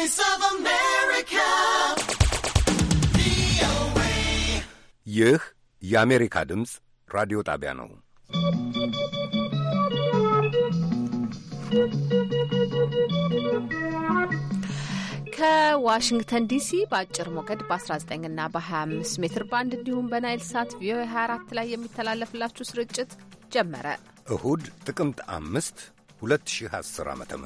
Voice of America. ይህ የአሜሪካ ድምፅ ራዲዮ ጣቢያ ነው። ከዋሽንግተን ዲሲ በአጭር ሞገድ በ19 እና በ25 ሜትር ባንድ እንዲሁም በናይል ሳት ቪኦኤ 24 ላይ የሚተላለፍላችሁ ስርጭት ጀመረ። እሁድ ጥቅምት አምስት 2010 ዓ ም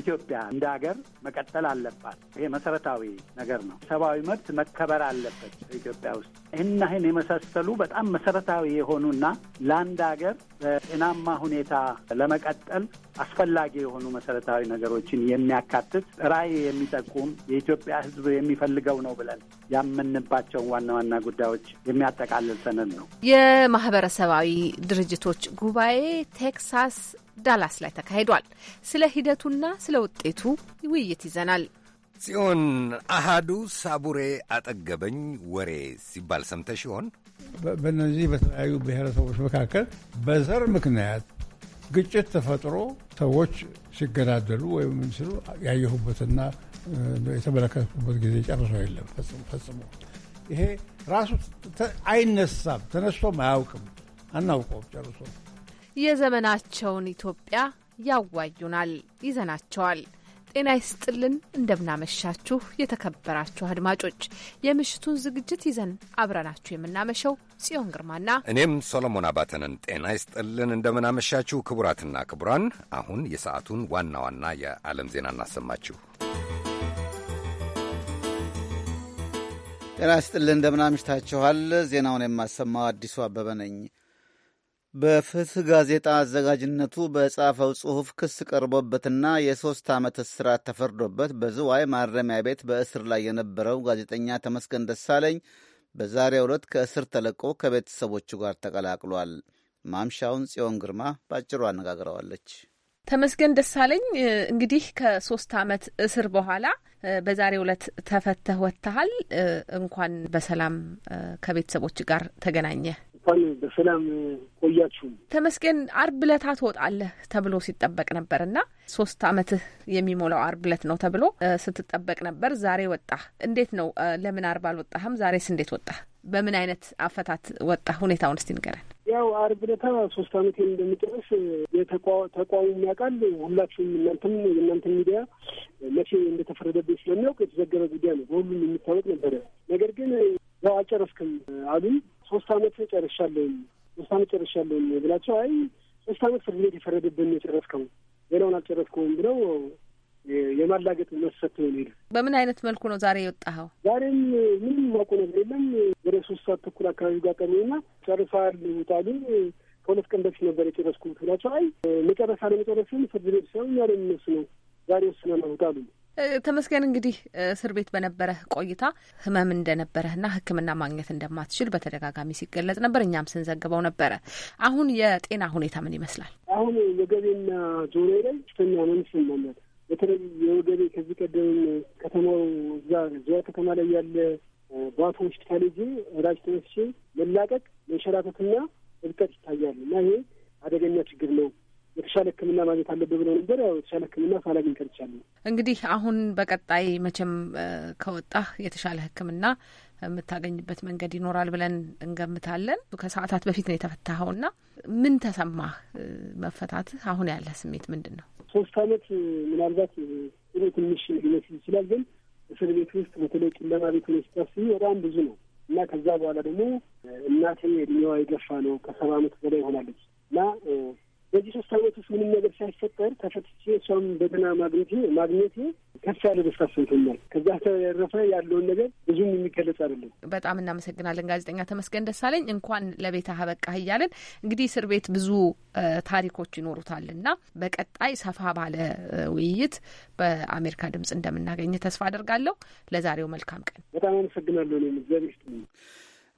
ኢትዮጵያ እንደ ሀገር መቀጠል አለባት። ይሄ መሰረታዊ ነገር ነው። ሰብአዊ መብት መከበር አለበት ኢትዮጵያ ውስጥ እናህን የመሳሰሉ በጣም መሰረታዊ የሆኑና ለአንድ ሀገር በጤናማ ሁኔታ ለመቀጠል አስፈላጊ የሆኑ መሰረታዊ ነገሮችን የሚያካትት ራዕይ የሚጠቁም የኢትዮጵያ ሕዝብ የሚፈልገው ነው ብለን ያመንባቸውን ዋና ዋና ጉዳዮች የሚያጠቃልል ሰነድ ነው። የማህበረሰባዊ ድርጅቶች ጉባኤ ቴክሳስ ዳላስ ላይ ተካሂዷል። ስለ ሂደቱና ስለ ውጤቱ ውይይት ይዘናል። ጽዮን አሃዱ ሳቡሬ አጠገበኝ ወሬ ሲባል ሰምተሽ ይሆን? በእነዚህ በተለያዩ ብሔረሰቦች መካከል በዘር ምክንያት ግጭት ተፈጥሮ ሰዎች ሲገዳደሉ ወይም ሲሉ ያየሁበትና የተመለከትኩበት ጊዜ ጨርሶ የለም ፈጽሞ። ይሄ ራሱ አይነሳም፣ ተነስቶም አያውቅም፣ አናውቀውም ጨርሶ። የዘመናቸውን ኢትዮጵያ ያዋዩናል፣ ይዘናቸዋል። ጤና ይስጥልን። እንደምናመሻችሁ የተከበራችሁ አድማጮች፣ የምሽቱን ዝግጅት ይዘን አብረናችሁ የምናመሸው ጽዮን ግርማና እኔም ሶሎሞን አባተንን። ጤና ይስጥልን። እንደምናመሻችሁ ክቡራትና ክቡራን፣ አሁን የሰዓቱን ዋና ዋና የዓለም ዜና እናሰማችሁ። ጤና ይስጥልን። እንደምናምሽታችኋል። ዜናውን የማሰማው አዲሱ አበበ ነኝ። በፍትህ ጋዜጣ አዘጋጅነቱ በጻፈው ጽሑፍ ክስ ቀርቦበትና የሦስት ዓመት እስራት ተፈርዶበት በዝዋይ ማረሚያ ቤት በእስር ላይ የነበረው ጋዜጠኛ ተመስገን ደሳለኝ በዛሬው ዕለት ከእስር ተለቆ ከቤተሰቦቹ ጋር ተቀላቅሏል። ማምሻውን ጽዮን ግርማ በአጭሩ አነጋግረዋለች። ተመስገን ደሳለኝ እንግዲህ ከሶስት ዓመት እስር በኋላ በዛሬው ዕለት ተፈተህ ወጥተሃል። እንኳን በሰላም ከቤተሰቦች ጋር ተገናኘ። እንኳን በሰላም ቆያችሁ ተመስገን አርብ ዕለት ትወጣለህ ተብሎ ሲጠበቅ ነበር እና ሶስት አመትህ የሚሞላው አርብ ብለት ነው ተብሎ ስትጠበቅ ነበር። ዛሬ ወጣ እንዴት ነው? ለምን አርብ አልወጣህም? ዛሬስ እንዴት ወጣ? በምን አይነት አፈታት ወጣ? ሁኔታውን እስቲ ንገረን። ያው አርብ ዕለት ሶስት አመት እንደሚጨርስ ተቋሙ የሚያውቃል። ሁላችሁም እናንተም የእናንተ ሚዲያ መቼ እንደተፈረደብኝ ስለሚያውቅ የተዘገበ ጉዳይ ነው፣ በሁሉም የሚታወቅ ነበረ። ነገር ግን ያው አልጨረስክም አሉኝ። ሶስት አመት ጨርሻለሁኝ ሶስት አመት ጨርሻለሁኝ ብላቸው አይ ሶስት አመት ፍርድ ቤት የፈረደብን የጨረስከው ሌላውን አልጨረስከውም ብለው የማላገጥ መሰት ነው ሄዱ። በምን አይነት መልኩ ነው ዛሬ የወጣኸው? ዛሬም ምንም ማውቁ ነገር የለም። ወደ ሶስት ሰዓት ተኩል አካባቢ ጋር ቀኑና ጨርሰሃል ውጣሉኝ። ከሁለት ቀን በፊት ነበር የጨረስኩት ብላቸው አይ መጨረሳ ለመጨረስም ፍርድ ቤት ሳይሆን ያለ እነሱ ነው ዛሬ ነው ውጣሉኝ ተመስገን እንግዲህ እስር ቤት በነበረ ቆይታ ህመም እንደነበረህና ሕክምና ማግኘት እንደማትችል በተደጋጋሚ ሲገለጽ ነበር። እኛም ስንዘግበው ነበረ። አሁን የጤና ሁኔታ ምን ይመስላል? አሁን ወገቤና ዞሬ ላይ ከፍተኛ ህመም ይሰማኛል። በተለይ የወገቤ ከዚህ ቀደም ከተማው እዛ ዙያ ከተማ ላይ ያለ ባቶ ሆስፒታል ሄጄ ራጅ ተነስቼ መላቀቅ፣ መንሸራተትና እብጠት ይታያል እና ይሄ አደገኛ ችግር ነው የተሻለ ሕክምና ማግኘት አለብህ ብለው ነበር። ያው የተሻለ ሕክምና ሳላገኝ ቀርቻለሁ። እንግዲህ አሁን በቀጣይ መቼም ከወጣህ የተሻለ ሕክምና የምታገኝበት መንገድ ይኖራል ብለን እንገምታለን። ከሰዓታት በፊት ነው የተፈታኸው እና ምን ተሰማህ መፈታትህ? አሁን ያለ ስሜት ምንድን ነው? ሶስት አመት ምናልባት ጥሩ ትንሽ ሊመስል ይችላል፣ ግን እስር ቤት ውስጥ በተለይ ጨለማ ቤት ሆነ ስታስቢ በጣም ብዙ ነው እና ከዛ በኋላ ደግሞ እናቴ እድሜዋ የገፋ ነው ከሰባ አመት በላይ ይሆናለች እና በዚህ ሶስት አመት ውስጥ ምንም ነገር ሳይፈጠር ተፈትቼ እሷም በደህና ማግኘቴ ማግኘቴ ከፍ ያለ ደስታ ሰንቶኛል። ከዛ ተረፈ ያለውን ነገር ብዙም የሚገለጽ አይደለም። በጣም እናመሰግናለን ጋዜጠኛ ተመስገን ደሳለኝ። እንኳን ለቤት በቃህ እያለን እንግዲህ እስር ቤት ብዙ ታሪኮች ይኖሩታል እና በቀጣይ ሰፋ ባለ ውይይት በአሜሪካ ድምጽ እንደምናገኝ ተስፋ አደርጋለሁ። ለዛሬው መልካም ቀን። በጣም አመሰግናለሁ። እኔም እግዚአብሔር ይስጥልኝ።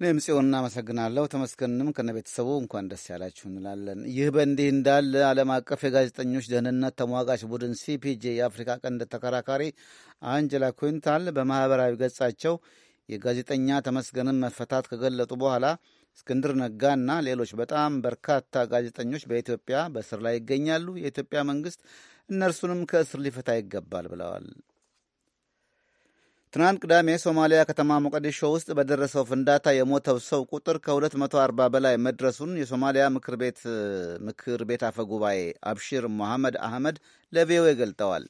እኔም ጽዮን እናመሰግናለሁ። ተመስገንም ከነ ቤተሰቡ እንኳን ደስ ያላችሁ እንላለን። ይህ በእንዲህ እንዳለ ዓለም አቀፍ የጋዜጠኞች ደህንነት ተሟጋች ቡድን ሲፒጄ የአፍሪካ ቀንድ ተከራካሪ አንጀላ ኩንታል በማኅበራዊ ገጻቸው የጋዜጠኛ ተመስገንን መፈታት ከገለጡ በኋላ እስክንድር ነጋና ሌሎች በጣም በርካታ ጋዜጠኞች በኢትዮጵያ በእስር ላይ ይገኛሉ፣ የኢትዮጵያ መንግሥት እነርሱንም ከእስር ሊፈታ ይገባል ብለዋል። ትናንት ቅዳሜ ሶማሊያ ከተማ ሞቃዲሾ ውስጥ በደረሰው ፍንዳታ የሞተው ሰው ቁጥር ከ240 በላይ መድረሱን የሶማሊያ ምክር ቤት ምክር ቤት አፈ ጉባኤ አብሺር ሞሐመድ አህመድ ለቪኦኤ ገልጠዋል።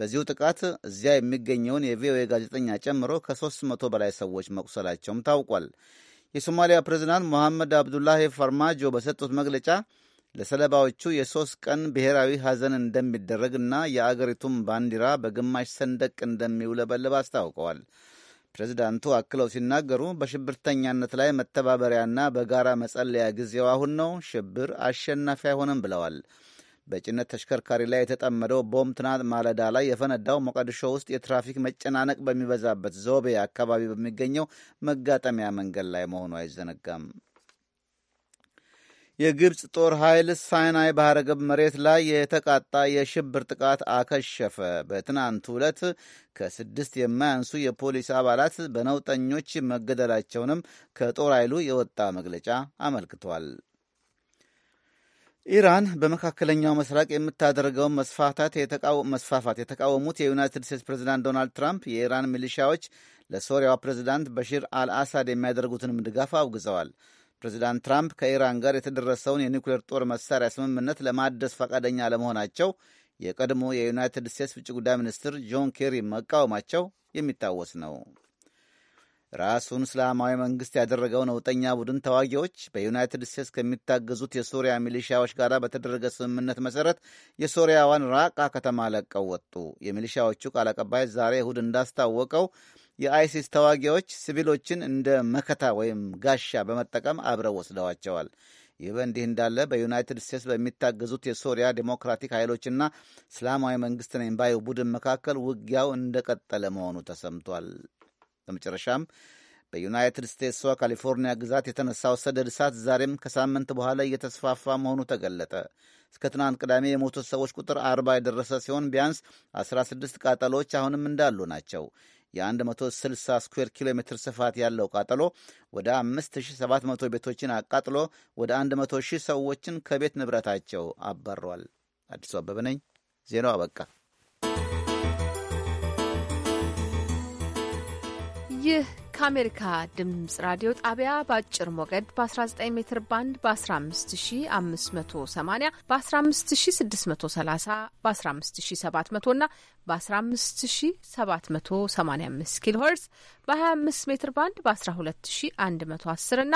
በዚሁ ጥቃት እዚያ የሚገኘውን የቪኦኤ ጋዜጠኛ ጨምሮ ከ300 በላይ ሰዎች መቁሰላቸውም ታውቋል። የሶማሊያ ፕሬዚዳንት ሞሐመድ አብዱላሂ ፈርማጆ በሰጡት መግለጫ ለሰለባዎቹ የሦስት ቀን ብሔራዊ ሐዘን እንደሚደረግና የአገሪቱም ባንዲራ በግማሽ ሰንደቅ እንደሚውለበልብ አስታውቀዋል። ፕሬዚዳንቱ አክለው ሲናገሩ በሽብርተኛነት ላይ መተባበሪያና በጋራ መጸለያ ጊዜው አሁን ነው፣ ሽብር አሸናፊ አይሆንም ብለዋል። በጭነት ተሽከርካሪ ላይ የተጠመደው ቦምብ ትናንት ማለዳ ላይ የፈነዳው ሞቃዲሾ ውስጥ የትራፊክ መጨናነቅ በሚበዛበት ዞቤ አካባቢ በሚገኘው መጋጠሚያ መንገድ ላይ መሆኑ አይዘነጋም። የግብፅ ጦር ኃይል ሳይናይ ባህረ ገብ መሬት ላይ የተቃጣ የሽብር ጥቃት አከሸፈ። በትናንቱ ዕለት ከስድስት የማያንሱ የፖሊስ አባላት በነውጠኞች መገደላቸውንም ከጦር ኃይሉ የወጣ መግለጫ አመልክቷል። ኢራን በመካከለኛው ምስራቅ የምታደርገውን መስፋፋት የተቃወሙት የዩናይትድ ስቴትስ ፕሬዚዳንት ዶናልድ ትራምፕ የኢራን ሚሊሻዎች ለሶሪያው ፕሬዚዳንት በሺር አልአሳድ የሚያደርጉትንም ድጋፍ አውግዘዋል። ፕሬዚዳንት ትራምፕ ከኢራን ጋር የተደረሰውን የኒውክሌር ጦር መሳሪያ ስምምነት ለማደስ ፈቃደኛ ለመሆናቸው የቀድሞ የዩናይትድ ስቴትስ ውጭ ጉዳይ ሚኒስትር ጆን ኬሪ መቃወማቸው የሚታወስ ነው። ራሱን እስላማዊ መንግስት ያደረገው ነውጠኛ ቡድን ተዋጊዎች በዩናይትድ ስቴትስ ከሚታገዙት የሶሪያ ሚሊሺያዎች ጋር በተደረገ ስምምነት መሰረት የሶሪያዋን ራቃ ከተማ ለቀው ወጡ። የሚሊሺያዎቹ ቃል አቀባይ ዛሬ እሁድ እንዳስታወቀው የአይሲስ ተዋጊዎች ሲቪሎችን እንደ መከታ ወይም ጋሻ በመጠቀም አብረው ወስደዋቸዋል። ይህ በእንዲህ እንዳለ በዩናይትድ ስቴትስ በሚታገዙት የሶሪያ ዴሞክራቲክ ኃይሎችና እስላማዊ መንግስት ነኝ ባዩ ቡድን መካከል ውጊያው እንደቀጠለ መሆኑ ተሰምቷል። በመጨረሻም በዩናይትድ ስቴትሷ ካሊፎርኒያ ግዛት የተነሳው ሰደድ እሳት ዛሬም ከሳምንት በኋላ እየተስፋፋ መሆኑ ተገለጠ። እስከ ትናንት ቅዳሜ የሞቱት ሰዎች ቁጥር አርባ የደረሰ ሲሆን ቢያንስ ስድስት ቃጠሎች አሁንም እንዳሉ ናቸው። የ160 ስኩዌር ኪሎ ሜትር ስፋት ያለው ቃጠሎ ወደ 5700 ቤቶችን አቃጥሎ ወደ 100 ሺህ ሰዎችን ከቤት ንብረታቸው አባሯል። አዲሱ አበበ ነኝ። ዜናው አበቃ። ይህ ከአሜሪካ ድምፅ ራዲዮ ጣቢያ በአጭር ሞገድ በ19 ሜትር ባንድ በ15580 በ15630 በ15700 እና በ15785 ኪሎ ሄርዝ በ25 ሜትር ባንድ በ12110 እና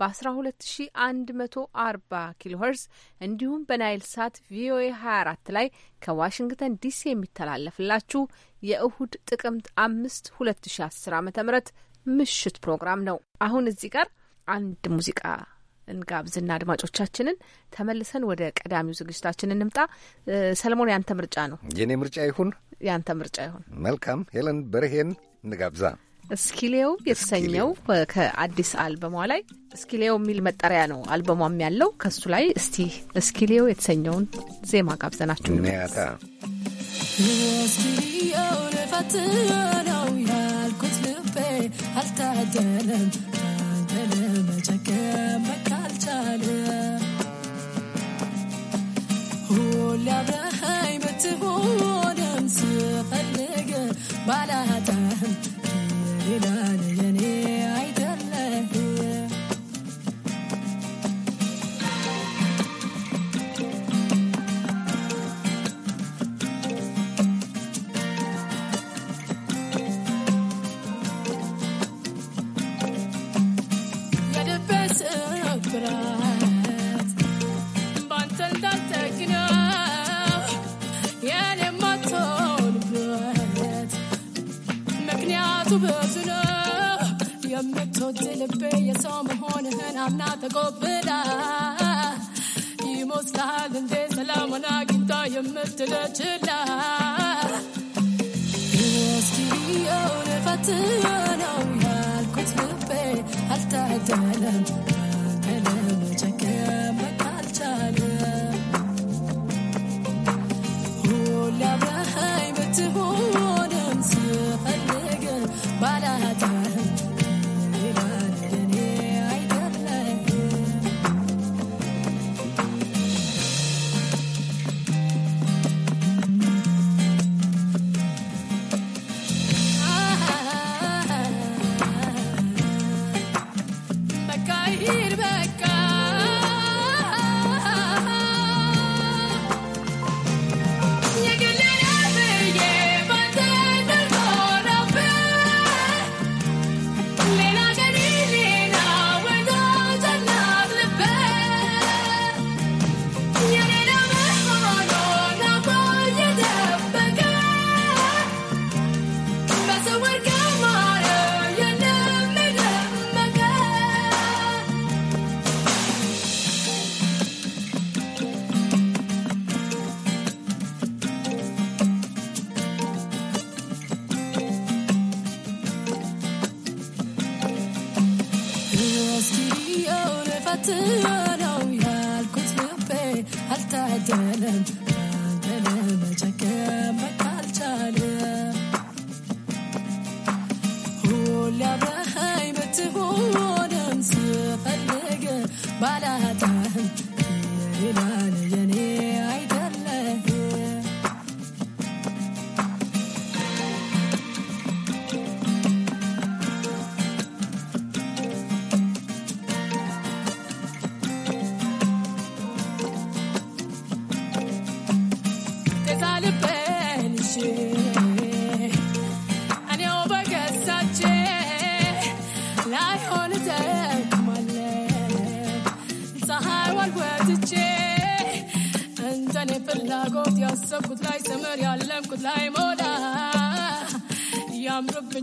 በ12140 ኪሎ ሄርዝ እንዲሁም በናይል ሳት ቪኦኤ 24 ላይ ከዋሽንግተን ዲሲ የሚተላለፍላችሁ የእሁድ ጥቅምት 5 2010 ዓ ም ምሽት ፕሮግራም ነው። አሁን እዚህ ጋር አንድ ሙዚቃ እንጋብዝና አድማጮቻችንን ተመልሰን ወደ ቀዳሚው ዝግጅታችን እንምጣ። ሰለሞን፣ ያንተ ምርጫ ነው። የኔ ምርጫ ይሁን፣ ያንተ ምርጫ ይሁን። መልካም። ሄለን በርሄን እንጋብዛ። እስኪሌው የተሰኘው ከአዲስ አልበሟ ላይ እስኪሌው የሚል መጠሪያ ነው አልበሟም ያለው። ከሱ ላይ እስቲ እስኪሌው የተሰኘውን ዜማ ጋብዘናችሁ አልታደለም ታደለ መጨከ መካልቻለ ሁሌ አብረኸኝ ብትሆንም ስፈልግ ባላጣህም ሌላ I'm not a good fella. You must have been there, Salamana, Gita, you must have been there. I don't know.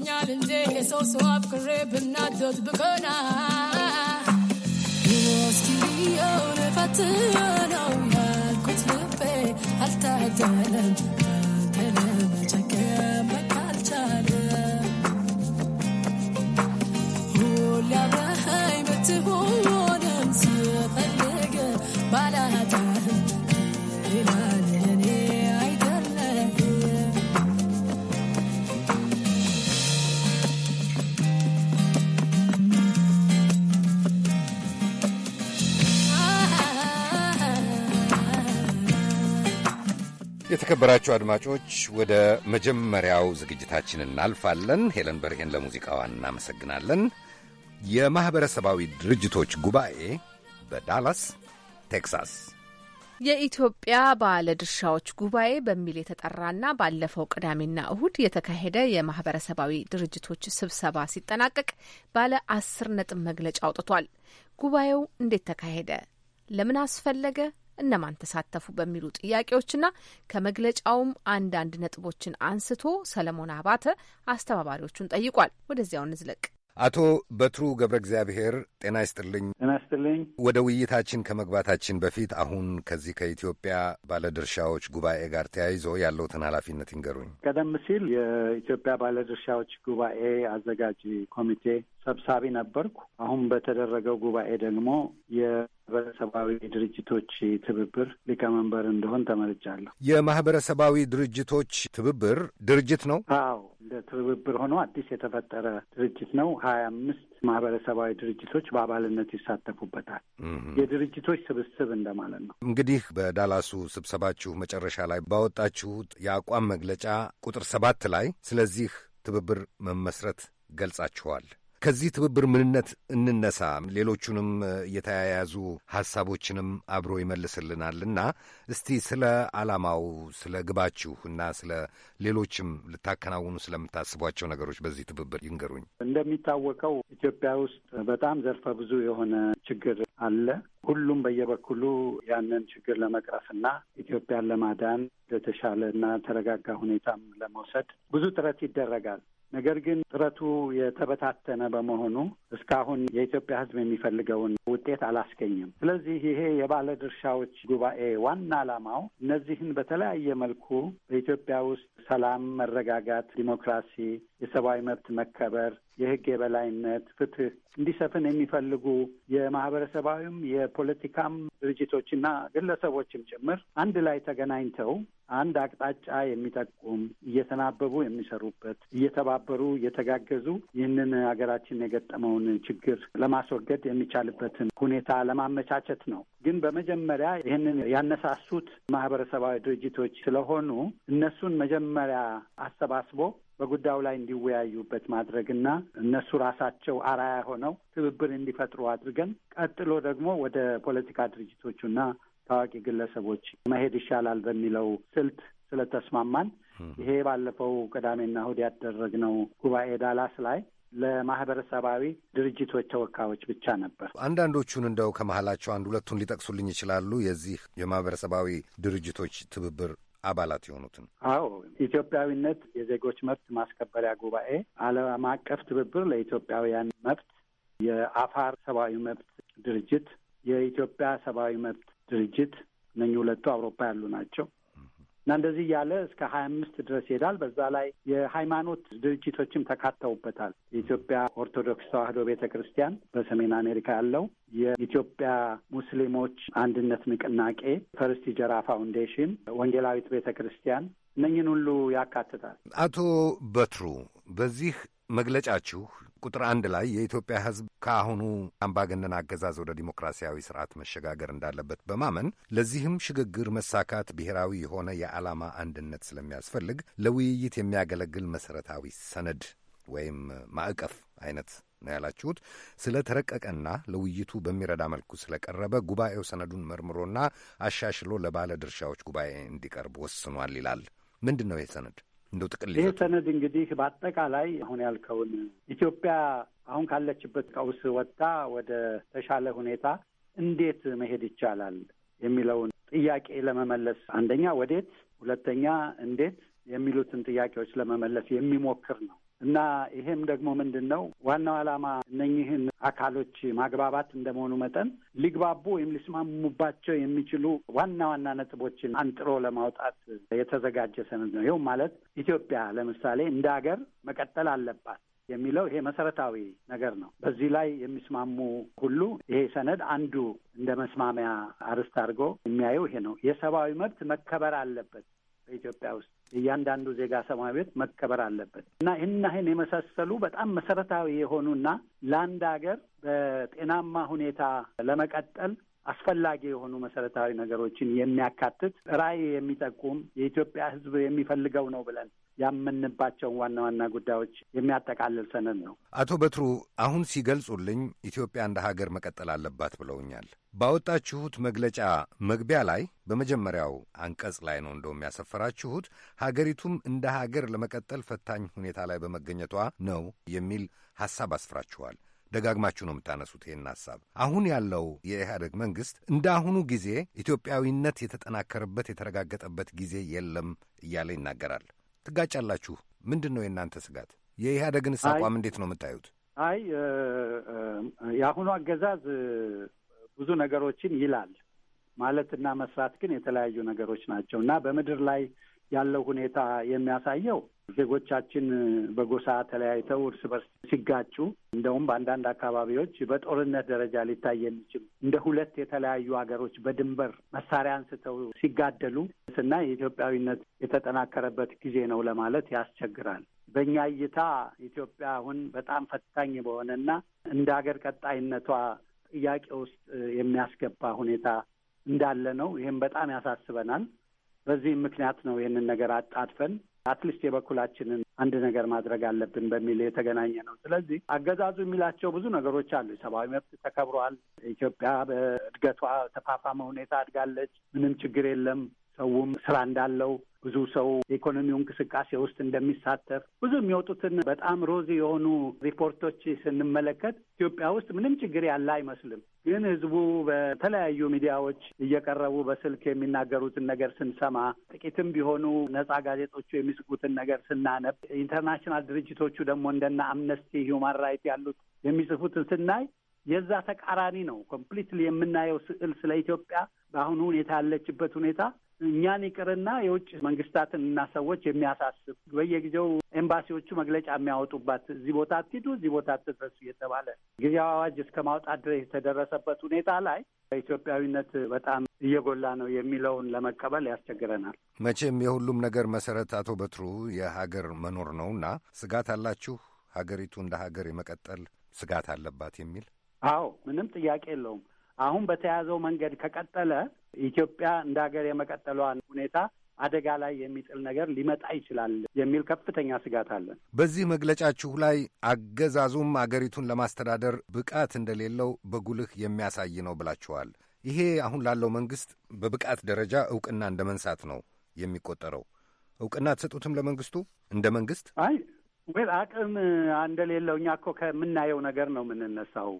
ይመስለኛል እንዴ የሰው ሰው አፍቅሬ ብናዶት ብኮና እስኪ የተከበራችሁ አድማጮች ወደ መጀመሪያው ዝግጅታችን እናልፋለን። ሄለን በርሄን ለሙዚቃዋ እናመሰግናለን። የማኅበረሰባዊ ድርጅቶች ጉባኤ በዳላስ ቴክሳስ የኢትዮጵያ ባለ ድርሻዎች ጉባኤ በሚል የተጠራና ባለፈው ቅዳሜና እሁድ የተካሄደ የማህበረሰባዊ ድርጅቶች ስብሰባ ሲጠናቀቅ ባለ አስር ነጥብ መግለጫ አውጥቷል። ጉባኤው እንዴት ተካሄደ? ለምን አስፈለገ? እነማን ተሳተፉ በሚሉ ጥያቄዎችና ከመግለጫውም አንዳንድ ነጥቦችን አንስቶ ሰለሞን አባተ አስተባባሪዎቹን ጠይቋል። ወደዚያው እንዝለቅ። አቶ በትሩ ገብረ እግዚአብሔር ጤና ይስጥልኝ። ጤና ይስጥልኝ። ወደ ውይይታችን ከመግባታችን በፊት አሁን ከዚህ ከኢትዮጵያ ባለድርሻዎች ጉባኤ ጋር ተያይዞ ያለውትን ኃላፊነት ይንገሩኝ። ቀደም ሲል የኢትዮጵያ ባለድርሻዎች ጉባኤ አዘጋጅ ኮሚቴ ሰብሳቢ ነበርኩ። አሁን በተደረገው ጉባኤ ደግሞ ማህበረሰባዊ ድርጅቶች ትብብር ሊቀመንበር እንደሆን ተመርጫለሁ። የማህበረሰባዊ ድርጅቶች ትብብር ድርጅት ነው? አዎ፣ እንደ ትብብር ሆኖ አዲስ የተፈጠረ ድርጅት ነው። ሀያ አምስት ማህበረሰባዊ ድርጅቶች በአባልነት ይሳተፉበታል። የድርጅቶች ስብስብ እንደማለት ነው። እንግዲህ በዳላሱ ስብሰባችሁ መጨረሻ ላይ ባወጣችሁት የአቋም መግለጫ ቁጥር ሰባት ላይ ስለዚህ ትብብር መመስረት ገልጻችኋል። ከዚህ ትብብር ምንነት እንነሳ። ሌሎቹንም የተያያዙ ሀሳቦችንም አብሮ ይመልስልናል እና እስቲ ስለ ዓላማው፣ ስለ ግባችሁ እና ስለ ሌሎችም ልታከናውኑ ስለምታስቧቸው ነገሮች በዚህ ትብብር ይንገሩኝ። እንደሚታወቀው ኢትዮጵያ ውስጥ በጣም ዘርፈ ብዙ የሆነ ችግር አለ። ሁሉም በየበኩሉ ያንን ችግር ለመቅረፍና ኢትዮጵያን ለማዳን ለተሻለ እና ተረጋጋ ሁኔታም ለመውሰድ ብዙ ጥረት ይደረጋል። ነገር ግን ጥረቱ የተበታተነ በመሆኑ እስካሁን የኢትዮጵያ ሕዝብ የሚፈልገውን ውጤት አላስገኝም። ስለዚህ ይሄ የባለ ድርሻዎች ጉባኤ ዋና ዓላማው እነዚህን በተለያየ መልኩ በኢትዮጵያ ውስጥ ሰላም፣ መረጋጋት፣ ዲሞክራሲ የሰብአዊ መብት መከበር፣ የህግ የበላይነት፣ ፍትህ እንዲሰፍን የሚፈልጉ የማህበረሰባዊም የፖለቲካም ድርጅቶችና ግለሰቦችም ጭምር አንድ ላይ ተገናኝተው አንድ አቅጣጫ የሚጠቁም እየተናበቡ የሚሰሩበት እየተባበሩ እየተጋገዙ ይህንን ሀገራችን የገጠመውን ችግር ለማስወገድ የሚቻልበትን ሁኔታ ለማመቻቸት ነው። ግን በመጀመሪያ ይህንን ያነሳሱት ማህበረሰባዊ ድርጅቶች ስለሆኑ እነሱን መጀመሪያ አሰባስቦ በጉዳዩ ላይ እንዲወያዩበት ማድረግና እነሱ ራሳቸው አራያ ሆነው ትብብር እንዲፈጥሩ አድርገን ቀጥሎ ደግሞ ወደ ፖለቲካ ድርጅቶቹና ታዋቂ ግለሰቦች መሄድ ይሻላል በሚለው ስልት ስለተስማማን ይሄ ባለፈው ቅዳሜና እሁድ ያደረግነው ጉባኤ ዳላስ ላይ ለማህበረሰባዊ ድርጅቶች ተወካዮች ብቻ ነበር። አንዳንዶቹን እንደው ከመሀላቸው አንድ ሁለቱን ሊጠቅሱልኝ ይችላሉ? የዚህ የማህበረሰባዊ ድርጅቶች ትብብር አባላት የሆኑትን? አዎ ኢትዮጵያዊነት የዜጎች መብት ማስከበሪያ ጉባኤ፣ ዓለም አቀፍ ትብብር ለኢትዮጵያውያን መብት፣ የአፋር ሰብአዊ መብት ድርጅት፣ የኢትዮጵያ ሰብአዊ መብት ድርጅት እነኚህ ሁለቱ አውሮፓ ያሉ ናቸው። እና እንደዚህ እያለ እስከ ሀያ አምስት ድረስ ይሄዳል። በዛ ላይ የሃይማኖት ድርጅቶችም ተካተውበታል። የኢትዮጵያ ኦርቶዶክስ ተዋሕዶ ቤተ ክርስቲያን በሰሜን አሜሪካ ያለው፣ የኢትዮጵያ ሙስሊሞች አንድነት ንቅናቄ፣ ፈርስቲ ጀራ ፋውንዴሽን፣ ወንጌላዊት ቤተ ክርስቲያን እነኝን ሁሉ ያካትታል። አቶ በትሩ በዚህ መግለጫችሁ ቁጥር አንድ ላይ የኢትዮጵያ ሕዝብ ከአሁኑ አምባገነን አገዛዝ ወደ ዲሞክራሲያዊ ስርዓት መሸጋገር እንዳለበት በማመን ለዚህም ሽግግር መሳካት ብሔራዊ የሆነ የዓላማ አንድነት ስለሚያስፈልግ ለውይይት የሚያገለግል መሰረታዊ ሰነድ ወይም ማዕቀፍ አይነት ነው ያላችሁት። ስለ ተረቀቀና ለውይይቱ በሚረዳ መልኩ ስለቀረበ ጉባኤው ሰነዱን መርምሮና አሻሽሎ ለባለ ድርሻዎች ጉባኤ እንዲቀርብ ወስኗል ይላል። ምንድን ነው ይህ ሰነድ? እንደው ጥቅል ይህ ሰነድ እንግዲህ በአጠቃላይ አሁን ያልከውን ኢትዮጵያ አሁን ካለችበት ቀውስ ወጥታ ወደ ተሻለ ሁኔታ እንዴት መሄድ ይቻላል የሚለውን ጥያቄ ለመመለስ አንደኛ ወዴት፣ ሁለተኛ እንዴት የሚሉትን ጥያቄዎች ለመመለስ የሚሞክር ነው። እና ይሄም ደግሞ ምንድን ነው ዋናው ዓላማ እነኚህን አካሎች ማግባባት እንደመሆኑ መጠን ሊግባቡ ወይም ሊስማሙባቸው የሚችሉ ዋና ዋና ነጥቦችን አንጥሮ ለማውጣት የተዘጋጀ ሰነድ ነው። ይኸውም ማለት ኢትዮጵያ ለምሳሌ እንደ ሀገር መቀጠል አለባት የሚለው ይሄ መሰረታዊ ነገር ነው። በዚህ ላይ የሚስማሙ ሁሉ ይሄ ሰነድ አንዱ እንደ መስማሚያ አርዕስት አድርጎ የሚያየው ይሄ ነው። የሰብአዊ መብት መከበር አለበት በኢትዮጵያ ውስጥ እያንዳንዱ ዜጋ ሰብአዊ መብት መከበር አለበት እና ይህን ይህን የመሳሰሉ በጣም መሰረታዊ የሆኑና ለአንድ ሀገር በጤናማ ሁኔታ ለመቀጠል አስፈላጊ የሆኑ መሰረታዊ ነገሮችን የሚያካትት ራዕይ የሚጠቁም የኢትዮጵያ ሕዝብ የሚፈልገው ነው ብለን ያመንባቸውን ዋና ዋና ጉዳዮች የሚያጠቃልል ሰነድ ነው። አቶ በትሩ አሁን ሲገልጹልኝ ኢትዮጵያ እንደ ሀገር መቀጠል አለባት ብለውኛል። ባወጣችሁት መግለጫ መግቢያ ላይ በመጀመሪያው አንቀጽ ላይ ነው እንደውም ያሰፈራችሁት ሀገሪቱም እንደ ሀገር ለመቀጠል ፈታኝ ሁኔታ ላይ በመገኘቷ ነው የሚል ሐሳብ አስፍራችኋል። ደጋግማችሁ ነው የምታነሱት ይህን ሐሳብ። አሁን ያለው የኢህአደግ መንግሥት እንደ አሁኑ ጊዜ ኢትዮጵያዊነት የተጠናከረበት የተረጋገጠበት ጊዜ የለም እያለ ይናገራል። ትጋጫላችሁ። ምንድን ነው የእናንተ ስጋት? የኢህአደግንስ አቋም እንዴት ነው የምታዩት? አይ የአሁኑ አገዛዝ ብዙ ነገሮችን ይላል ማለትና መስራት ግን የተለያዩ ነገሮች ናቸው እና በምድር ላይ ያለው ሁኔታ የሚያሳየው ዜጎቻችን በጎሳ ተለያይተው እርስ በርስ ሲጋጩ እንደውም በአንዳንድ አካባቢዎች በጦርነት ደረጃ ሊታይ የሚችል እንደ ሁለት የተለያዩ ሀገሮች በድንበር መሳሪያ አንስተው ሲጋደሉ እና የኢትዮጵያዊነት የተጠናከረበት ጊዜ ነው ለማለት ያስቸግራል። በእኛ እይታ ኢትዮጵያ አሁን በጣም ፈታኝ በሆነና እንደ ሀገር ቀጣይነቷ ጥያቄ ውስጥ የሚያስገባ ሁኔታ እንዳለ ነው። ይህም በጣም ያሳስበናል። በዚህም ምክንያት ነው ይህንን ነገር አጣድፈን አትሊስት የበኩላችንን አንድ ነገር ማድረግ አለብን በሚል የተገናኘ ነው። ስለዚህ አገዛዙ የሚላቸው ብዙ ነገሮች አሉ። የሰብአዊ መብት ተከብሯል፣ ኢትዮጵያ በእድገቷ ተፋፋመ ሁኔታ አድጋለች፣ ምንም ችግር የለም ሰውም ስራ እንዳለው ብዙ ሰው የኢኮኖሚው እንቅስቃሴ ውስጥ እንደሚሳተፍ ብዙ የሚወጡትን በጣም ሮዝ የሆኑ ሪፖርቶች ስንመለከት ኢትዮጵያ ውስጥ ምንም ችግር ያለ አይመስልም። ግን ህዝቡ በተለያዩ ሚዲያዎች እየቀረቡ በስልክ የሚናገሩትን ነገር ስንሰማ፣ ጥቂትም ቢሆኑ ነጻ ጋዜጦቹ የሚጽፉትን ነገር ስናነብ፣ ኢንተርናሽናል ድርጅቶቹ ደግሞ እንደና አምነስቲ፣ ሂውማን ራይት ያሉት የሚጽፉትን ስናይ የዛ ተቃራኒ ነው ኮምፕሊትሊ የምናየው ስዕል ስለ ኢትዮጵያ በአሁኑ ሁኔታ ያለችበት ሁኔታ እኛን ይቅርና የውጭ መንግስታትን እና ሰዎች የሚያሳስብ በየጊዜው ኤምባሲዎቹ መግለጫ የሚያወጡባት እዚህ ቦታ አትሂዱ፣ እዚህ ቦታ አትድረሱ እየተባለ ጊዜያዊ አዋጅ እስከ ማውጣት ድረስ የተደረሰበት ሁኔታ ላይ ኢትዮጵያዊነት በጣም እየጎላ ነው የሚለውን ለመቀበል ያስቸግረናል። መቼም የሁሉም ነገር መሰረት አቶ በትሩ የሀገር መኖር ነውና ስጋት አላችሁ? ሀገሪቱ እንደ ሀገር የመቀጠል ስጋት አለባት የሚል አዎ ምንም ጥያቄ የለውም። አሁን በተያዘው መንገድ ከቀጠለ ኢትዮጵያ እንደ ሀገር የመቀጠሏን ሁኔታ አደጋ ላይ የሚጥል ነገር ሊመጣ ይችላል የሚል ከፍተኛ ስጋት አለን። በዚህ መግለጫችሁ ላይ አገዛዙም አገሪቱን ለማስተዳደር ብቃት እንደሌለው በጉልህ የሚያሳይ ነው ብላችኋል። ይሄ አሁን ላለው መንግስት በብቃት ደረጃ እውቅና እንደ መንሳት ነው የሚቆጠረው። እውቅና አትሰጡትም ለመንግስቱ እንደ መንግስት? አይ ወይ አቅም እንደሌለው እኛ እኮ ከምናየው ነገር ነው የምንነሳው።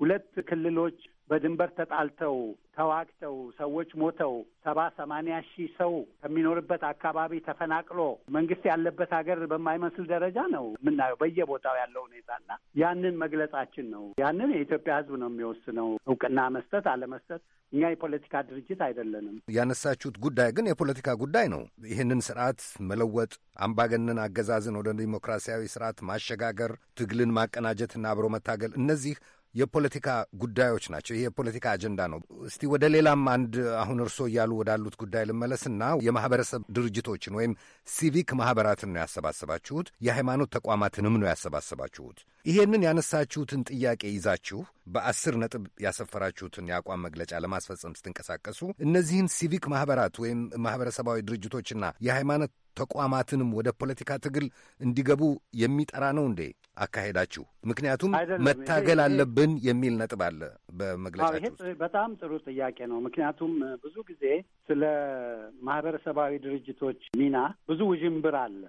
ሁለት ክልሎች በድንበር ተጣልተው ተዋግተው ሰዎች ሞተው ሰባ ሰማንያ ሺህ ሰው ከሚኖርበት አካባቢ ተፈናቅሎ መንግስት ያለበት ሀገር በማይመስል ደረጃ ነው የምናየው በየቦታው ያለው ሁኔታና ያንን መግለጻችን ነው። ያንን የኢትዮጵያ ሕዝብ ነው የሚወስነው እውቅና መስጠት አለመስጠት። እኛ የፖለቲካ ድርጅት አይደለንም። ያነሳችሁት ጉዳይ ግን የፖለቲካ ጉዳይ ነው። ይህንን ስርዓት መለወጥ፣ አምባገነን አገዛዝን ወደ ዲሞክራሲያዊ ስርዓት ማሸጋገር፣ ትግልን ማቀናጀትና አብሮ መታገል እነዚህ የፖለቲካ ጉዳዮች ናቸው። ይሄ የፖለቲካ አጀንዳ ነው። እስቲ ወደ ሌላም አንድ አሁን እርሶ እያሉ ወዳሉት ጉዳይ ልመለስና የማህበረሰብ ድርጅቶችን ወይም ሲቪክ ማህበራትን ነው ያሰባሰባችሁት፣ የሃይማኖት ተቋማትንም ነው ያሰባሰባችሁት። ይሄንን ያነሳችሁትን ጥያቄ ይዛችሁ በአስር ነጥብ ያሰፈራችሁትን የአቋም መግለጫ ለማስፈጸም ስትንቀሳቀሱ እነዚህን ሲቪክ ማህበራት ወይም ማህበረሰባዊ ድርጅቶችና የሃይማኖት ተቋማትንም ወደ ፖለቲካ ትግል እንዲገቡ የሚጠራ ነው እንዴ አካሄዳችሁ? ምክንያቱም መታገል አለብን የሚል ነጥብ አለ በመግለጫችሁ። በጣም ጥሩ ጥያቄ ነው። ምክንያቱም ብዙ ጊዜ ስለ ማህበረሰባዊ ድርጅቶች ሚና ብዙ ውዥንብር አለ።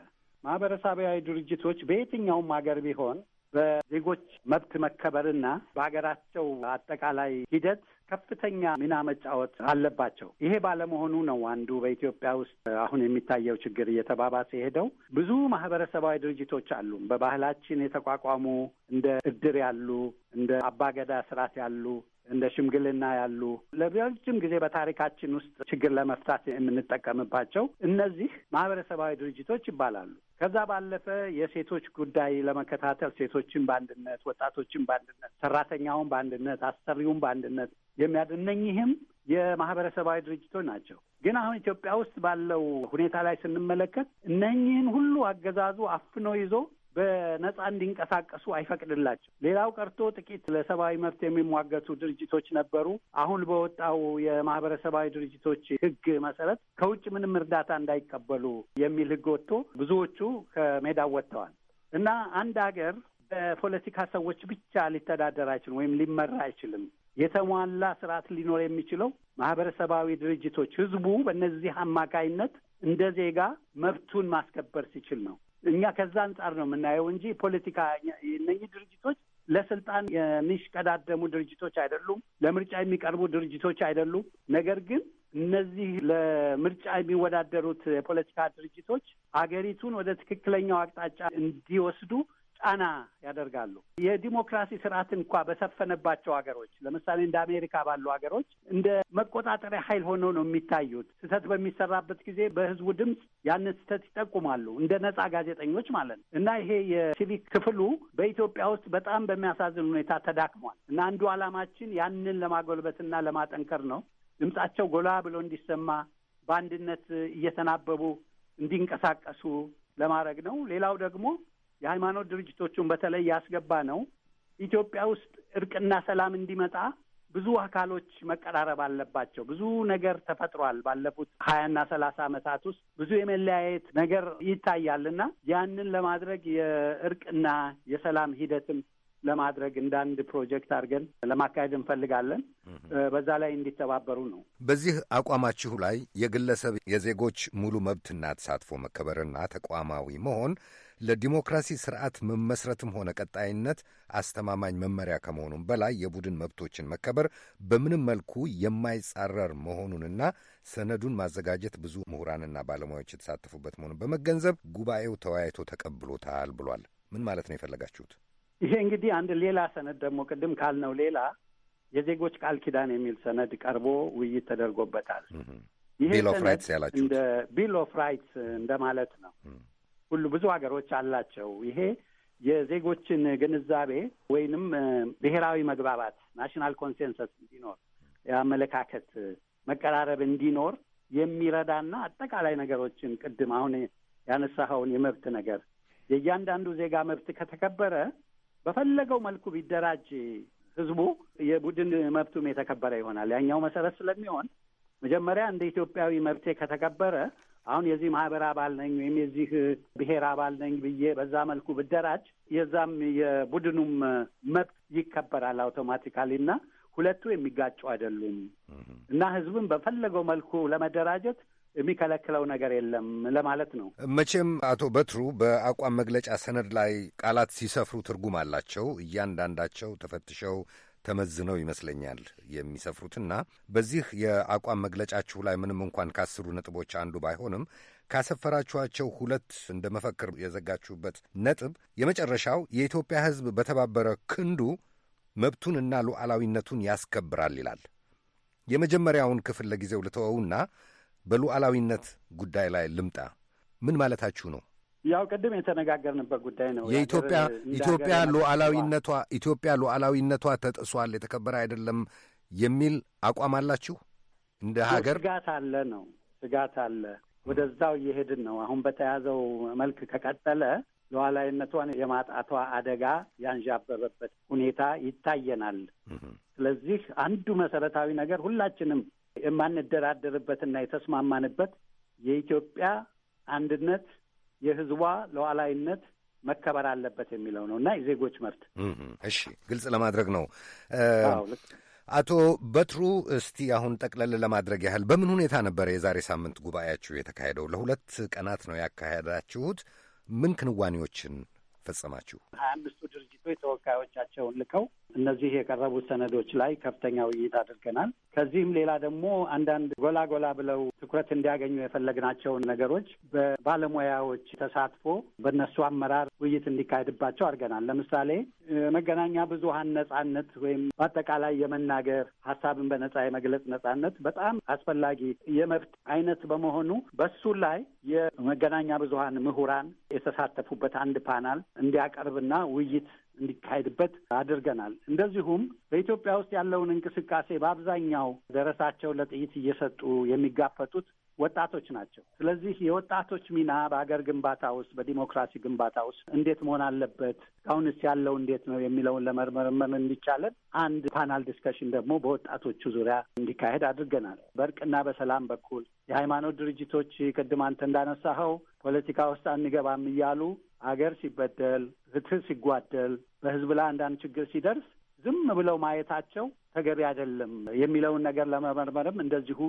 ማህበረሰባዊ ድርጅቶች በየትኛውም ሀገር ቢሆን በዜጎች መብት መከበርና በሀገራቸው አጠቃላይ ሂደት ከፍተኛ ሚና መጫወት አለባቸው። ይሄ ባለመሆኑ ነው አንዱ በኢትዮጵያ ውስጥ አሁን የሚታየው ችግር እየተባባሰ የሄደው። ብዙ ማህበረሰባዊ ድርጅቶች አሉ በባህላችን የተቋቋሙ እንደ እድር ያሉ፣ እንደ አባገዳ ስርዓት ያሉ፣ እንደ ሽምግልና ያሉ ለረጅም ጊዜ በታሪካችን ውስጥ ችግር ለመፍታት የምንጠቀምባቸው እነዚህ ማህበረሰባዊ ድርጅቶች ይባላሉ። ከዛ ባለፈ የሴቶች ጉዳይ ለመከታተል ሴቶችን በአንድነት፣ ወጣቶችን በአንድነት፣ ሰራተኛውን በአንድነት፣ አሰሪውን በአንድነት የሚያድነኝህም የማህበረሰባዊ ድርጅቶች ናቸው። ግን አሁን ኢትዮጵያ ውስጥ ባለው ሁኔታ ላይ ስንመለከት እነኚህን ሁሉ አገዛዙ አፍኖ ይዞ በነጻ እንዲንቀሳቀሱ አይፈቅድላቸው። ሌላው ቀርቶ ጥቂት ለሰብአዊ መብት የሚሟገቱ ድርጅቶች ነበሩ። አሁን በወጣው የማህበረሰባዊ ድርጅቶች ሕግ መሰረት ከውጭ ምንም እርዳታ እንዳይቀበሉ የሚል ሕግ ወጥቶ ብዙዎቹ ከሜዳው ወጥተዋል እና አንድ ሀገር በፖለቲካ ሰዎች ብቻ ሊተዳደር አይችልም ወይም ሊመራ አይችልም። የተሟላ ስርዓት ሊኖር የሚችለው ማህበረሰባዊ ድርጅቶች ህዝቡ በእነዚህ አማካይነት እንደ ዜጋ መብቱን ማስከበር ሲችል ነው። እኛ ከዛ አንጻር ነው የምናየው እንጂ ፖለቲካ እነኚህ ድርጅቶች ለስልጣን የሚሽቀዳደሙ ድርጅቶች አይደሉም። ለምርጫ የሚቀርቡ ድርጅቶች አይደሉም። ነገር ግን እነዚህ ለምርጫ የሚወዳደሩት የፖለቲካ ድርጅቶች አገሪቱን ወደ ትክክለኛው አቅጣጫ እንዲወስዱ ጫና ያደርጋሉ። የዲሞክራሲ ስርዓት እንኳ በሰፈነባቸው ሀገሮች ለምሳሌ እንደ አሜሪካ ባሉ ሀገሮች እንደ መቆጣጠሪያ ኃይል ሆነው ነው የሚታዩት። ስህተት በሚሰራበት ጊዜ በህዝቡ ድምፅ ያንን ስህተት ይጠቁማሉ፣ እንደ ነጻ ጋዜጠኞች ማለት ነው። እና ይሄ የሲቪክ ክፍሉ በኢትዮጵያ ውስጥ በጣም በሚያሳዝን ሁኔታ ተዳክሟል። እና አንዱ ዓላማችን ያንን ለማጎልበትና ለማጠንከር ነው። ድምጻቸው ጎላ ብሎ እንዲሰማ በአንድነት እየተናበቡ እንዲንቀሳቀሱ ለማድረግ ነው። ሌላው ደግሞ የሃይማኖት ድርጅቶቹን በተለይ ያስገባ ነው ኢትዮጵያ ውስጥ እርቅና ሰላም እንዲመጣ ብዙ አካሎች መቀራረብ አለባቸው። ብዙ ነገር ተፈጥሯል። ባለፉት ሀያና ሰላሳ ዓመታት ውስጥ ብዙ የመለያየት ነገር ይታያል ያንን ለማድረግ የእርቅና የሰላም ሂደትም ለማድረግ እንደ አንድ ፕሮጀክት አድርገን ለማካሄድ እንፈልጋለን። በዛ ላይ እንዲተባበሩ ነው። በዚህ አቋማችሁ ላይ የግለሰብ የዜጎች ሙሉ መብትና ተሳትፎ መከበርና ተቋማዊ መሆን ለዲሞክራሲ ስርዓት መመስረትም ሆነ ቀጣይነት አስተማማኝ መመሪያ ከመሆኑም በላይ የቡድን መብቶችን መከበር በምንም መልኩ የማይጻረር መሆኑንና ሰነዱን ማዘጋጀት ብዙ ምሁራንና ባለሙያዎች የተሳተፉበት መሆኑን በመገንዘብ ጉባኤው ተወያይቶ ተቀብሎታል ብሏል። ምን ማለት ነው የፈለጋችሁት? ይሄ እንግዲህ አንድ ሌላ ሰነድ ደግሞ ቅድም ካልነው ሌላ የዜጎች ቃል ኪዳን የሚል ሰነድ ቀርቦ ውይይት ተደርጎበታል። ይሄ ቢል ኦፍ ራይትስ ያላችሁት እንደ ቢል ኦፍ ራይትስ እንደማለት ነው። ሁሉ ብዙ ሀገሮች አላቸው። ይሄ የዜጎችን ግንዛቤ ወይንም ብሔራዊ መግባባት ናሽናል ኮንሴንሰስ እንዲኖር የአመለካከት መቀራረብ እንዲኖር የሚረዳና አጠቃላይ ነገሮችን ቅድም አሁን ያነሳኸውን የመብት ነገር የእያንዳንዱ ዜጋ መብት ከተከበረ በፈለገው መልኩ ቢደራጅ ህዝቡ የቡድን መብቱም የተከበረ ይሆናል። ያኛው መሰረት ስለሚሆን መጀመሪያ እንደ ኢትዮጵያዊ መብቴ ከተከበረ አሁን የዚህ ማህበር አባል ነኝ ወይም የዚህ ብሔር አባል ነኝ ብዬ በዛ መልኩ ብደራጅ የዛም የቡድኑም መብት ይከበራል አውቶማቲካሊ እና ሁለቱ የሚጋጩ አይደሉም እና ህዝብን በፈለገው መልኩ ለመደራጀት የሚከለክለው ነገር የለም ለማለት ነው። መቼም አቶ በትሩ በአቋም መግለጫ ሰነድ ላይ ቃላት ሲሰፍሩ ትርጉም አላቸው። እያንዳንዳቸው ተፈትሸው ተመዝነው ይመስለኛል የሚሰፍሩትና በዚህ የአቋም መግለጫችሁ ላይ ምንም እንኳን ከአስሩ ነጥቦች አንዱ ባይሆንም ካሰፈራችኋቸው ሁለት እንደ መፈክር የዘጋችሁበት ነጥብ የመጨረሻው የኢትዮጵያ ሕዝብ በተባበረ ክንዱ መብቱንና ሉዓላዊነቱን ያስከብራል ይላል። የመጀመሪያውን ክፍል ለጊዜው ልተወውና በሉዓላዊነት ጉዳይ ላይ ልምጣ። ምን ማለታችሁ ነው? ያው ቅድም የተነጋገርንበት ጉዳይ ነው። የኢትዮጵያ ኢትዮጵያ ሉዓላዊነቷ ኢትዮጵያ ሉዓላዊነቷ ተጥሷል፣ የተከበረ አይደለም የሚል አቋም አላችሁ እንደ ሀገር? ስጋት አለ ነው ስጋት አለ። ወደዛው እየሄድን ነው። አሁን በተያዘው መልክ ከቀጠለ ሉዓላዊነቷን የማጣቷ አደጋ ያንዣበበበት ሁኔታ ይታየናል። ስለዚህ አንዱ መሰረታዊ ነገር ሁላችንም የማንደራደርበትና የተስማማንበት የኢትዮጵያ አንድነት የህዝቧ ሉዓላዊነት መከበር አለበት የሚለው ነው እና የዜጎች መብት እሺ፣ ግልጽ ለማድረግ ነው። አቶ በትሩ እስቲ አሁን ጠቅለል ለማድረግ ያህል በምን ሁኔታ ነበረ የዛሬ ሳምንት ጉባኤያችሁ የተካሄደው? ለሁለት ቀናት ነው ያካሄዳችሁት። ምን ክንዋኔዎችን ፈጸማችሁ? ሀያ አምስቱ ድርጅቶች ተወካዮቻቸውን ልከው እነዚህ የቀረቡት ሰነዶች ላይ ከፍተኛ ውይይት አድርገናል። ከዚህም ሌላ ደግሞ አንዳንድ ጎላ ጎላ ብለው ትኩረት እንዲያገኙ የፈለግናቸውን ነገሮች በባለሙያዎች ተሳትፎ በእነሱ አመራር ውይይት እንዲካሄድባቸው አድርገናል። ለምሳሌ የመገናኛ ብዙሀን ነጻነት ወይም በአጠቃላይ የመናገር ሀሳብን በነጻ የመግለጽ ነጻነት በጣም አስፈላጊ የመብት አይነት በመሆኑ በሱ ላይ የመገናኛ ብዙሀን ምሁራን የተሳተፉበት አንድ ፓናል እንዲያቀርብና ውይይት እንዲካሄድበት አድርገናል። እንደዚሁም በኢትዮጵያ ውስጥ ያለውን እንቅስቃሴ በአብዛኛው ደረሳቸው ለጥይት እየሰጡ የሚጋፈጡት ወጣቶች ናቸው። ስለዚህ የወጣቶች ሚና በሀገር ግንባታ ውስጥ በዲሞክራሲ ግንባታ ውስጥ እንዴት መሆን አለበት፣ እስካሁንስ ያለው እንዴት ነው የሚለውን ለመርመርመር እንዲቻለን አንድ ፓናል ዲስከሽን ደግሞ በወጣቶቹ ዙሪያ እንዲካሄድ አድርገናል። በእርቅና በሰላም በኩል የሃይማኖት ድርጅቶች ቅድም አንተ እንዳነሳኸው ፖለቲካ ውስጥ አንገባም እያሉ አገር ሲበደል፣ ፍትህ ሲጓደል፣ በህዝብ ላይ አንዳንድ ችግር ሲደርስ ዝም ብለው ማየታቸው ተገቢ አይደለም የሚለውን ነገር ለመመርመርም እንደዚሁ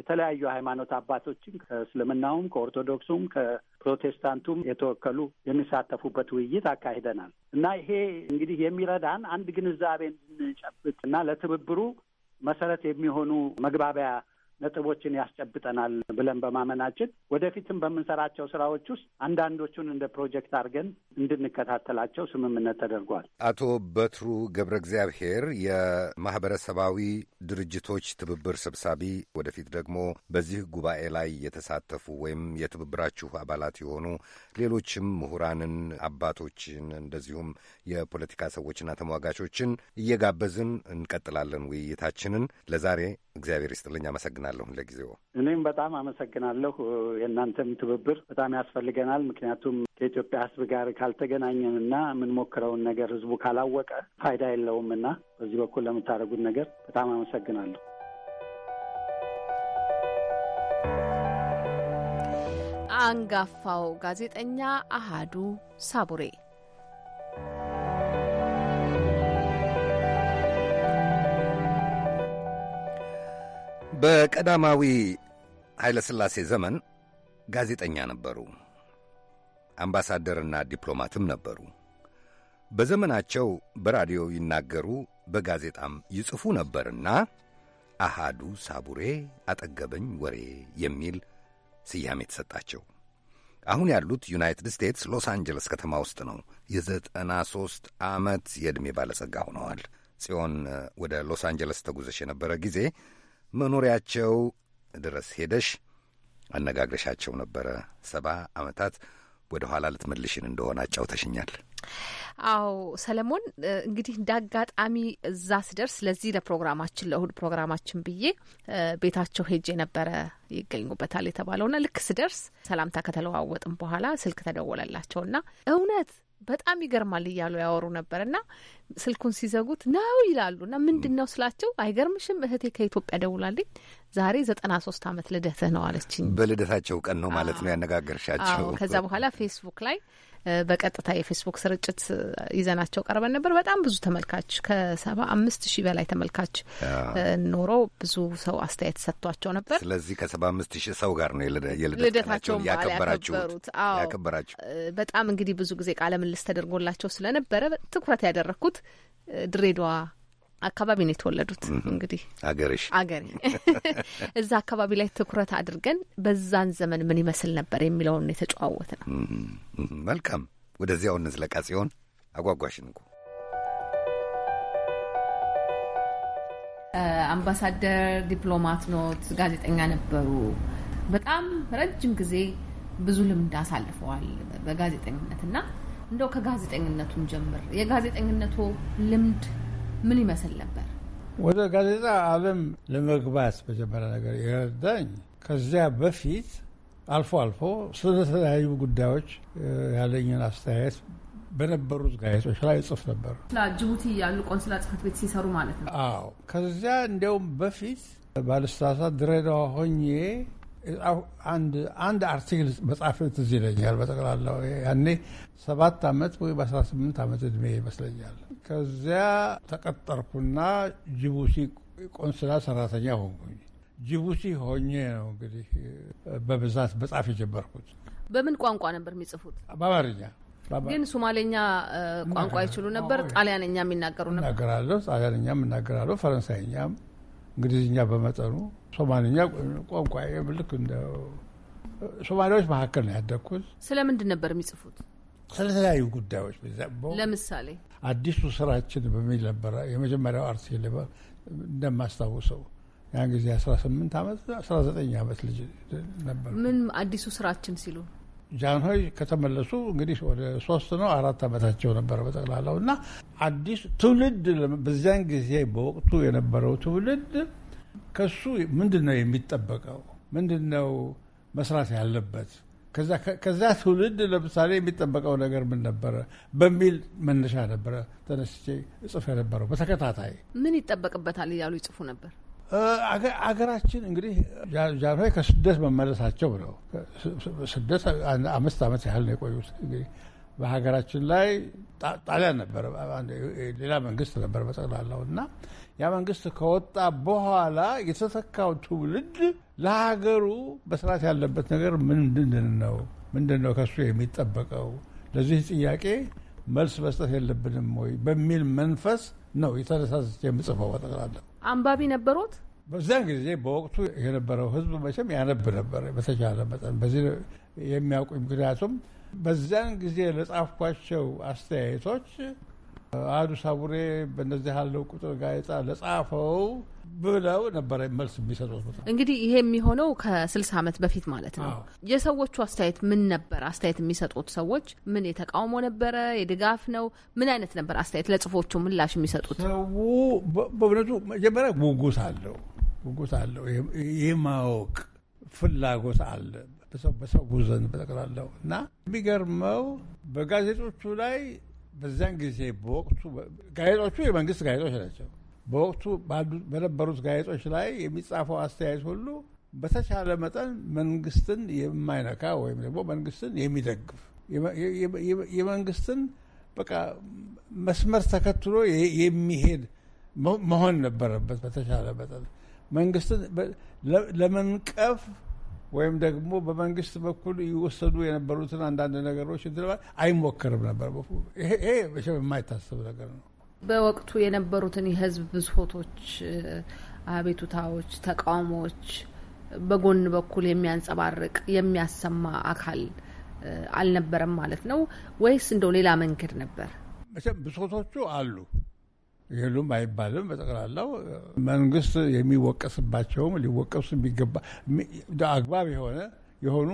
የተለያዩ ሃይማኖት አባቶችን ከእስልምናውም ከኦርቶዶክሱም ከፕሮቴስታንቱም የተወከሉ የሚሳተፉበት ውይይት አካሂደናል እና ይሄ እንግዲህ የሚረዳን አንድ ግንዛቤ እንድንጨብጥ እና ለትብብሩ መሰረት የሚሆኑ መግባቢያ ነጥቦችን ያስጨብጠናል ብለን በማመናችን ወደፊትም በምንሰራቸው ስራዎች ውስጥ አንዳንዶቹን እንደ ፕሮጀክት አድርገን እንድንከታተላቸው ስምምነት ተደርጓል። አቶ በትሩ ገብረ እግዚአብሔር የማህበረሰባዊ ድርጅቶች ትብብር ሰብሳቢ፣ ወደፊት ደግሞ በዚህ ጉባኤ ላይ የተሳተፉ ወይም የትብብራችሁ አባላት የሆኑ ሌሎችም ምሁራንን፣ አባቶችን እንደዚሁም የፖለቲካ ሰዎችና ተሟጋቾችን እየጋበዝን እንቀጥላለን ውይይታችንን ለዛሬ እግዚአብሔር ይስጥልኝ። አመሰግናለሁ ለጊዜው። እኔም በጣም አመሰግናለሁ። የእናንተም ትብብር በጣም ያስፈልገናል። ምክንያቱም ከኢትዮጵያ ሕዝብ ጋር ካልተገናኘን እና የምንሞክረውን ነገር ሕዝቡ ካላወቀ ፋይዳ የለውም እና በዚህ በኩል ለምታደርጉት ነገር በጣም አመሰግናለሁ። አንጋፋው ጋዜጠኛ አሃዱ ሳቡሬ በቀዳማዊ ኃይለ ሥላሴ ዘመን ጋዜጠኛ ነበሩ። አምባሳደርና ዲፕሎማትም ነበሩ። በዘመናቸው በራዲዮ ይናገሩ፣ በጋዜጣም ይጽፉ ነበርና አሃዱ ሳቡሬ አጠገበኝ ወሬ የሚል ስያሜ የተሰጣቸው። አሁን ያሉት ዩናይትድ ስቴትስ ሎስ አንጀለስ ከተማ ውስጥ ነው። የዘጠና ሦስት ዓመት የዕድሜ ባለጸጋ ሆነዋል። ጽዮን ወደ ሎስ አንጀለስ ተጉዘሽ የነበረ ጊዜ መኖሪያቸው ድረስ ሄደሽ አነጋግረሻቸው ነበረ። ሰባ ዓመታት ወደ ኋላ ልትመልሽን እንደሆነ አጫውተሽኛል። አዎ ሰለሞን፣ እንግዲህ እንደ አጋጣሚ እዛ ስደርስ ለዚህ ለፕሮግራማችን ለእሁድ ፕሮግራማችን ብዬ ቤታቸው ሄጄ ነበረ ይገኙበታል የተባለውና ልክ ስደርስ ሰላምታ ከተለዋወጥም በኋላ ስልክ ተደወለላቸውና እውነት በጣም ይገርማል እያሉ ያወሩ ነበር እና ስልኩን ሲዘጉት ነው ይላሉ እና ምንድን ነው ስላቸው፣ አይገርምሽም እህቴ ከኢትዮጵያ ደውላልኝ ዛሬ ዘጠና ሶስት አመት ልደትህ ነው አለችኝ። በልደታቸው ቀን ነው ማለት ነው ያነጋገርሻቸው። ከዛ በኋላ ፌስቡክ ላይ በቀጥታ የፌስቡክ ስርጭት ይዘናቸው ቀርበን ነበር። በጣም ብዙ ተመልካች ከሰባ አምስት ሺህ በላይ ተመልካች ኖሮ ብዙ ሰው አስተያየት ሰጥቷቸው ነበር። ስለዚህ ከሰባ አምስት ሺህ ሰው ጋር ነው ልደታቸውን ያከበራችሁት ያከበራችሁ። በጣም እንግዲህ ብዙ ጊዜ ቃለ ምልልስ ተደርጎላቸው ስለነበረ ትኩረት ያደረግኩት ድሬዳዋ አካባቢ ነው የተወለዱት። እንግዲህ አገርሽ አገሬ እዛ አካባቢ ላይ ትኩረት አድርገን በዛን ዘመን ምን ይመስል ነበር የሚለውን የተጨዋወት ነው። መልካም ወደዚያው እንዝለቃ ሲሆን አጓጓሽን እኮ አምባሳደር ዲፕሎማት ኖት፣ ጋዜጠኛ ነበሩ። በጣም ረጅም ጊዜ ብዙ ልምድ አሳልፈዋል በጋዜጠኝነት እና እንደው ከጋዜጠኝነቱን ጀምር የጋዜጠኝነቱ ልምድ ምን ይመስል ነበር? ወደ ጋዜጣ ዓለም ለመግባት መጀመሪያ ነገር የረዳኝ ከዚያ በፊት አልፎ አልፎ ስለተለያዩ ጉዳዮች ያለኝን አስተያየት በነበሩት ጋዜጦች ላይ ጽፍ ነበር። ጅቡቲ ያሉ ቆንስላ ጽሕፈት ቤት ሲሰሩ ማለት ነው። አዎ፣ ከዚያ እንዲያውም በፊት ባለስታሳት ድሬዳዋ ሆኜ አንድ አርቲክል መጻፍ ትዝ ይለኛል። በጠቅላላው ያኔ ሰባት ዓመት ወይ በ18 ዓመት እድሜ ይመስለኛል ከዚያ ተቀጠርኩና ጅቡቲ ቆንስላ ሰራተኛ ሆንኩኝ። ጅቡቲ ሆኜ ነው እንግዲህ በብዛት በጻፍ የጀመርኩት። በምን ቋንቋ ነበር የሚጽፉት? በአማርኛ። ግን ሶማሌኛ ቋንቋ ይችሉ ነበር? ጣሊያንኛ የሚናገሩ ነበር? እናገራለሁ። ጣሊያንኛም እናገራለሁ፣ ፈረንሳይኛም፣ እንግሊዝኛ በመጠኑ። ሶማሌኛ ቋንቋ ልክ እንደ ሶማሌዎች መካከል ነው ያደግኩት። ስለምንድን ነበር የሚጽፉት? ስለተለያዩ ጉዳዮች ለምሳሌ አዲሱ ስራችን በሚል ነበረ የመጀመሪያው አርቲክል እንደማስታውሰው ያን ጊዜ 18 ዓመት 19 ዓመት ልጅ ነበር። ምን አዲሱ ስራችን ሲሉ ጃንሆይ ከተመለሱ እንግዲህ ወደ ሶስት ነው አራት ዓመታቸው ነበረ በጠቅላላው እና አዲሱ ትውልድ በዚያን ጊዜ በወቅቱ የነበረው ትውልድ ከሱ ምንድን ነው የሚጠበቀው? ምንድን ነው መስራት ያለበት? ከዛ ትውልድ ለምሳሌ የሚጠበቀው ነገር ምን ነበረ በሚል መነሻ ነበረ ተነስቼ እጽፍ የነበረው በተከታታይ ምን ይጠበቅበታል እያሉ ይጽፉ ነበር። አገራችን እንግዲህ ጃንሆይ ከስደት መመለሳቸው ነው። ስደት አምስት ዓመት ያህል ነው የቆዩት እንግዲህ በሀገራችን ላይ ጣሊያን ነበር ሌላ መንግስት ነበር በጠቅላላው እና ያ መንግስት ከወጣ በኋላ የተተካው ትውልድ ለሀገሩ በስርዓት ያለበት ነገር ምንድን ነው? ምንድን ነው ከሱ የሚጠበቀው? ለዚህ ጥያቄ መልስ መስጠት የለብንም ወይ በሚል መንፈስ ነው የተነሳስቼ የምጽፈው። በጠቅላላ አንባቢ ነበሮት። በዚያን ጊዜ በወቅቱ የነበረው ህዝብ መቼም ያነብ ነበር በተቻለ መጠን በዚህ የሚያውቁኝ ምክንያቱም በዚያን ጊዜ ለጻፍኳቸው አስተያየቶች አህዱ ሳቡሬ በእነዚህ ያለው ቁጥር ጋዜጣ ለጻፈው ብለው ነበረ መልስ የሚሰጡት። እንግዲህ ይሄ የሚሆነው ከስልሳ ዓመት በፊት ማለት ነው። የሰዎቹ አስተያየት ምን ነበር? አስተያየት የሚሰጡት ሰዎች ምን የተቃውሞ ነበረ? የድጋፍ ነው? ምን አይነት ነበር አስተያየት ለጽፎቹ ምላሽ የሚሰጡት? ሰው በእውነቱ መጀመሪያ ጉጉት አለው ጉጉት አለው የማወቅ ፍላጎት አለ። በሰው ዘንድ በጠቅላላው እና የሚገርመው በጋዜጦቹ ላይ በዚያን ጊዜ በወቅቱ ጋዜጦቹ የመንግስት ጋዜጦች ናቸው። በወቅቱ በነበሩት ጋዜጦች ላይ የሚጻፈው አስተያየት ሁሉ በተቻለ መጠን መንግስትን የማይነካ ወይም ደግሞ መንግስትን የሚደግፍ የመንግስትን በቃ መስመር ተከትሎ የሚሄድ መሆን ነበረበት። በተቻለ መጠን መንግስትን ለመንቀፍ ወይም ደግሞ በመንግስት በኩል ይወሰዱ የነበሩትን አንዳንድ ነገሮች አይሞከርም ነበር። ይሄ የማይታሰብ ነገር ነው። በወቅቱ የነበሩትን የህዝብ ብሶቶች፣ አቤቱታዎች፣ ተቃውሞዎች በጎን በኩል የሚያንጸባርቅ የሚያሰማ አካል አልነበረም ማለት ነው ወይስ እንደው ሌላ መንገድ ነበር? ብሶቶቹ አሉ የሉም አይባልም። በጠቅላላው መንግስት የሚወቀስባቸውም ሊወቀሱ የሚገባ አግባብ የሆነ የሆኑ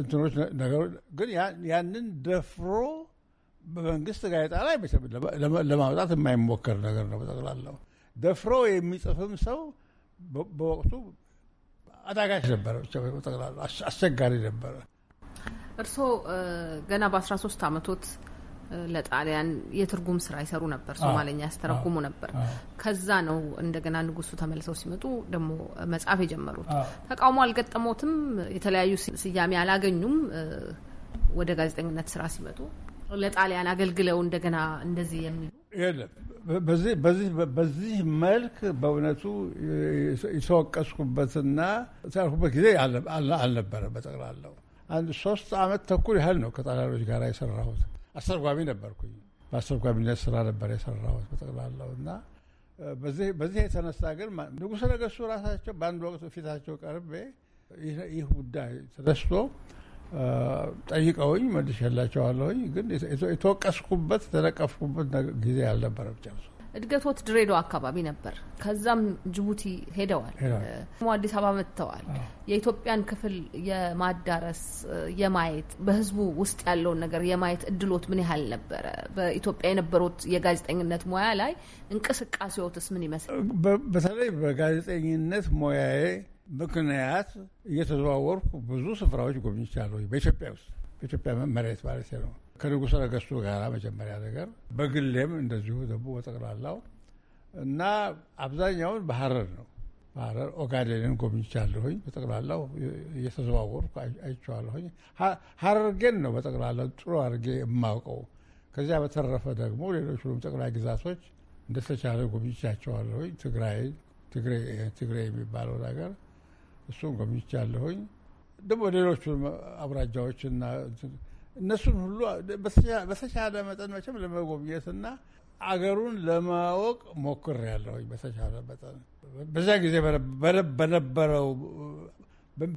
እንትኖች ነገሮች ግን ያንን ደፍሮ በመንግስት ጋዜጣ ላይ ለማውጣት የማይሞከር ነገር ነው። በጠቅላላው ደፍሮ የሚጽፍም ሰው በወቅቱ አዳጋች ነበረ፣ በጠቅላላ አስቸጋሪ ነበረ። እርስዎ ገና በአስራ ሶስት አመቶት ለጣሊያን የትርጉም ስራ ይሰሩ ነበር። ሶማሌኛ ያስተረጉሙ ነበር። ከዛ ነው እንደገና ንጉሱ ተመልሰው ሲመጡ ደግሞ መጽሐፍ የጀመሩት። ተቃውሞ አልገጠሞትም። የተለያዩ ስያሜ አላገኙም። ወደ ጋዜጠኝነት ስራ ሲመጡ ለጣሊያን አገልግለው እንደገና እንደዚህ የሚሉ የለም። በዚህ መልክ በእውነቱ የተወቀስኩበትና ያልኩበት ጊዜ አልነበረ። በጠቅላላው አንድ ሶስት አመት ተኩል ያህል ነው ከጣሊያኖች ጋር የሰራሁት። አስተርጓሚ ነበርኩኝ። በአስተርጓሚነት ስራ ነበር የሰራሁት በጠቅላላው እና በዚህ የተነሳ ግን ንጉሠ ነገሥቱ ራሳቸው በአንድ ወቅት ፊታቸው ቀርቤ ይህ ጉዳይ ተነስቶ ጠይቀውኝ መልሼላቸዋለሁኝ። ግን የተወቀስኩበት የተነቀፍኩበት ጊዜ አልነበረም ጨርሶ እድገቶት ድሬዳዋ አካባቢ ነበር። ከዛም ጅቡቲ ሄደዋል፣ አዲስ አበባ መጥተዋል። የኢትዮጵያን ክፍል የማዳረስ የማየት በህዝቡ ውስጥ ያለውን ነገር የማየት እድሎት ምን ያህል ነበረ? በኢትዮጵያ የነበሩት የጋዜጠኝነት ሙያ ላይ እንቅስቃሴዎትስ ምን ይመስላል? በተለይ በጋዜጠኝነት ሙያዬ ምክንያት እየተዘዋወርኩ ብዙ ስፍራዎች ጎብኝቻለሁ። በኢትዮጵያ ውስጥ በኢትዮጵያ መሬት ማለት ነው ከንጉሠ ነገሥቱ ጋር መጀመሪያ ነገር በግሌም እንደዚሁ ደግሞ በጠቅላላው እና አብዛኛውን በሀረር ነው። በሀረር ኦጋዴንን ጎብኝቻለሁኝ። በጠቅላላው እየተዘዋወርኩ አይቼዋለሁኝ። ሀረርጌን ነው በጠቅላላው ጥሩ አድርጌ የማውቀው። ከዚያ በተረፈ ደግሞ ሌሎቹም ጠቅላይ ግዛቶች እንደተቻለ ጎብኝቻቸዋለሁኝ። ትግራይ ትግሬ የሚባለው ነገር እሱን ጎብኝቻለሁኝ። ደግሞ ሌሎቹ አብራጃዎችና እነሱን ሁሉ በተቻለ መጠን መቼም ለመጎብኘትና አገሩን ለማወቅ ሞክሬያለሁ። በተቻለ መጠን በዛ ጊዜ በነበረው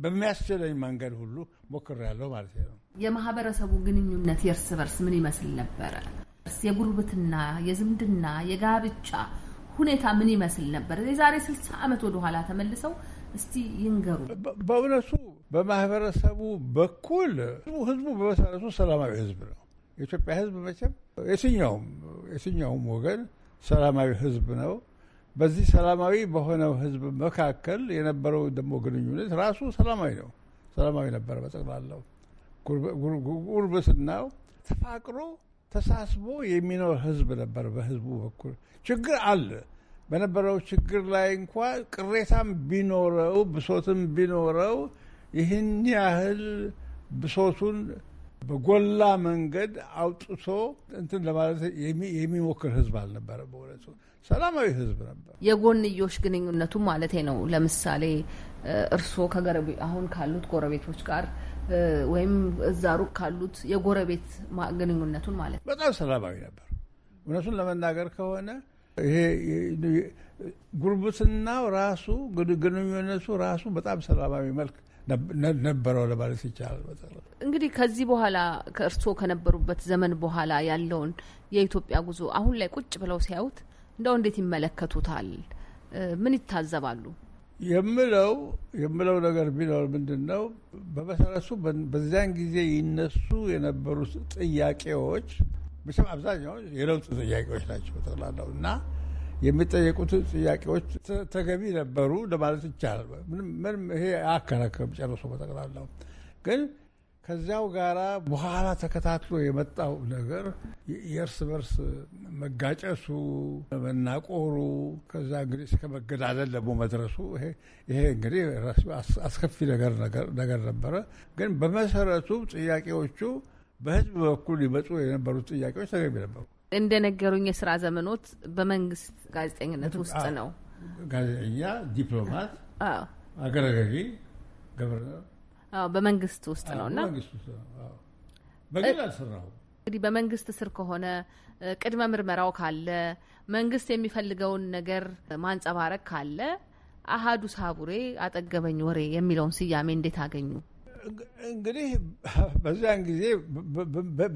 በሚያስችለኝ መንገድ ሁሉ ሞክሬያለሁ ማለት ነው። የማህበረሰቡ ግንኙነት የእርስ በርስ ምን ይመስል ነበረ? የጉርብትና፣ የዝምድና፣ የጋብቻ ሁኔታ ምን ይመስል ነበር? የዛሬ ስልሳ ዓመት ወደኋላ ተመልሰው እስቲ ይንገሩ። በእውነቱ በማህበረሰቡ በኩል ህዝቡ በመሰረቱ ሰላማዊ ህዝብ ነው። የኢትዮጵያ ህዝብ መቼም የትኛውም የትኛውም ወገን ሰላማዊ ህዝብ ነው። በዚህ ሰላማዊ በሆነው ህዝብ መካከል የነበረው ደግሞ ግንኙነት ራሱ ሰላማዊ ነው። ሰላማዊ ነበረ በጠቅላላው ጉርብትናው ተፋቅሮ ተሳስቦ የሚኖር ህዝብ ነበር። በህዝቡ በኩል ችግር አለ በነበረው ችግር ላይ እንኳ ቅሬታም ቢኖረው ብሶትም ቢኖረው ይህን ያህል ብሶቱን በጎላ መንገድ አውጥቶ እንትን ለማለት የሚሞክር ህዝብ አልነበረ። በእውነቱ ሰላማዊ ህዝብ ነበር። የጎንዮሽ ግንኙነቱ ማለት ነው። ለምሳሌ እርስዎ አሁን ካሉት ጎረቤቶች ጋር ወይም እዛ ሩቅ ካሉት የጎረቤት ግንኙነቱን ማለት ነው። በጣም ሰላማዊ ነበር። እውነቱን ለመናገር ከሆነ ይሄ ጉርብትናው ራሱ ግንኙነቱ ራሱ በጣም ሰላማዊ መልክ ነበረው ለማለት ይቻላል። እንግዲህ ከዚህ በኋላ ከእርስዎ ከነበሩበት ዘመን በኋላ ያለውን የኢትዮጵያ ጉዞ አሁን ላይ ቁጭ ብለው ሲያዩት እንደው እንዴት ይመለከቱታል? ምን ይታዘባሉ? የምለው የምለው ነገር ቢኖር ምንድን ነው በመሰረቱ በዚያን ጊዜ ይነሱ የነበሩት ጥያቄዎች መቼም አብዛኛው የለውጡ ጥያቄዎች ናቸው ጠቅላላው እና የሚጠየቁት ጥያቄዎች ተገቢ ነበሩ ለማለት ይቻላል። ምንም ይሄ አያከራከርም ጨርሶ በጠቅላላው ግን ከዚያው ጋር በኋላ ተከታትሎ የመጣው ነገር የእርስ በርስ መጋጨሱ፣ መናቆሩ ከዛ እንግዲህ እስከ መገዳደል ደግሞ መድረሱ ይሄ እንግዲህ አስከፊ ነገር ነገር ነበረ። ግን በመሰረቱ ጥያቄዎቹ በህዝብ በኩል ሊመጡ የነበሩት ጥያቄዎች ተገቢ ነበሩ። እንደነገሩኝ የስራ ዘመኖት በመንግስት ጋዜጠኝነት ውስጥ ነው። ጋዜጠኛ፣ ዲፕሎማት፣ አገረ ገዢ፣ ገቨርነር በመንግስት ውስጥ ነው እና በግል አልሰራሁም። እንግዲህ በመንግስት ስር ከሆነ ቅድመ ምርመራው ካለ መንግስት የሚፈልገውን ነገር ማንጸባረቅ ካለ አሀዱ ሳቡሬ አጠገበኝ ወሬ የሚለውን ስያሜ እንዴት አገኙ? እንግዲህ በዚያን ጊዜ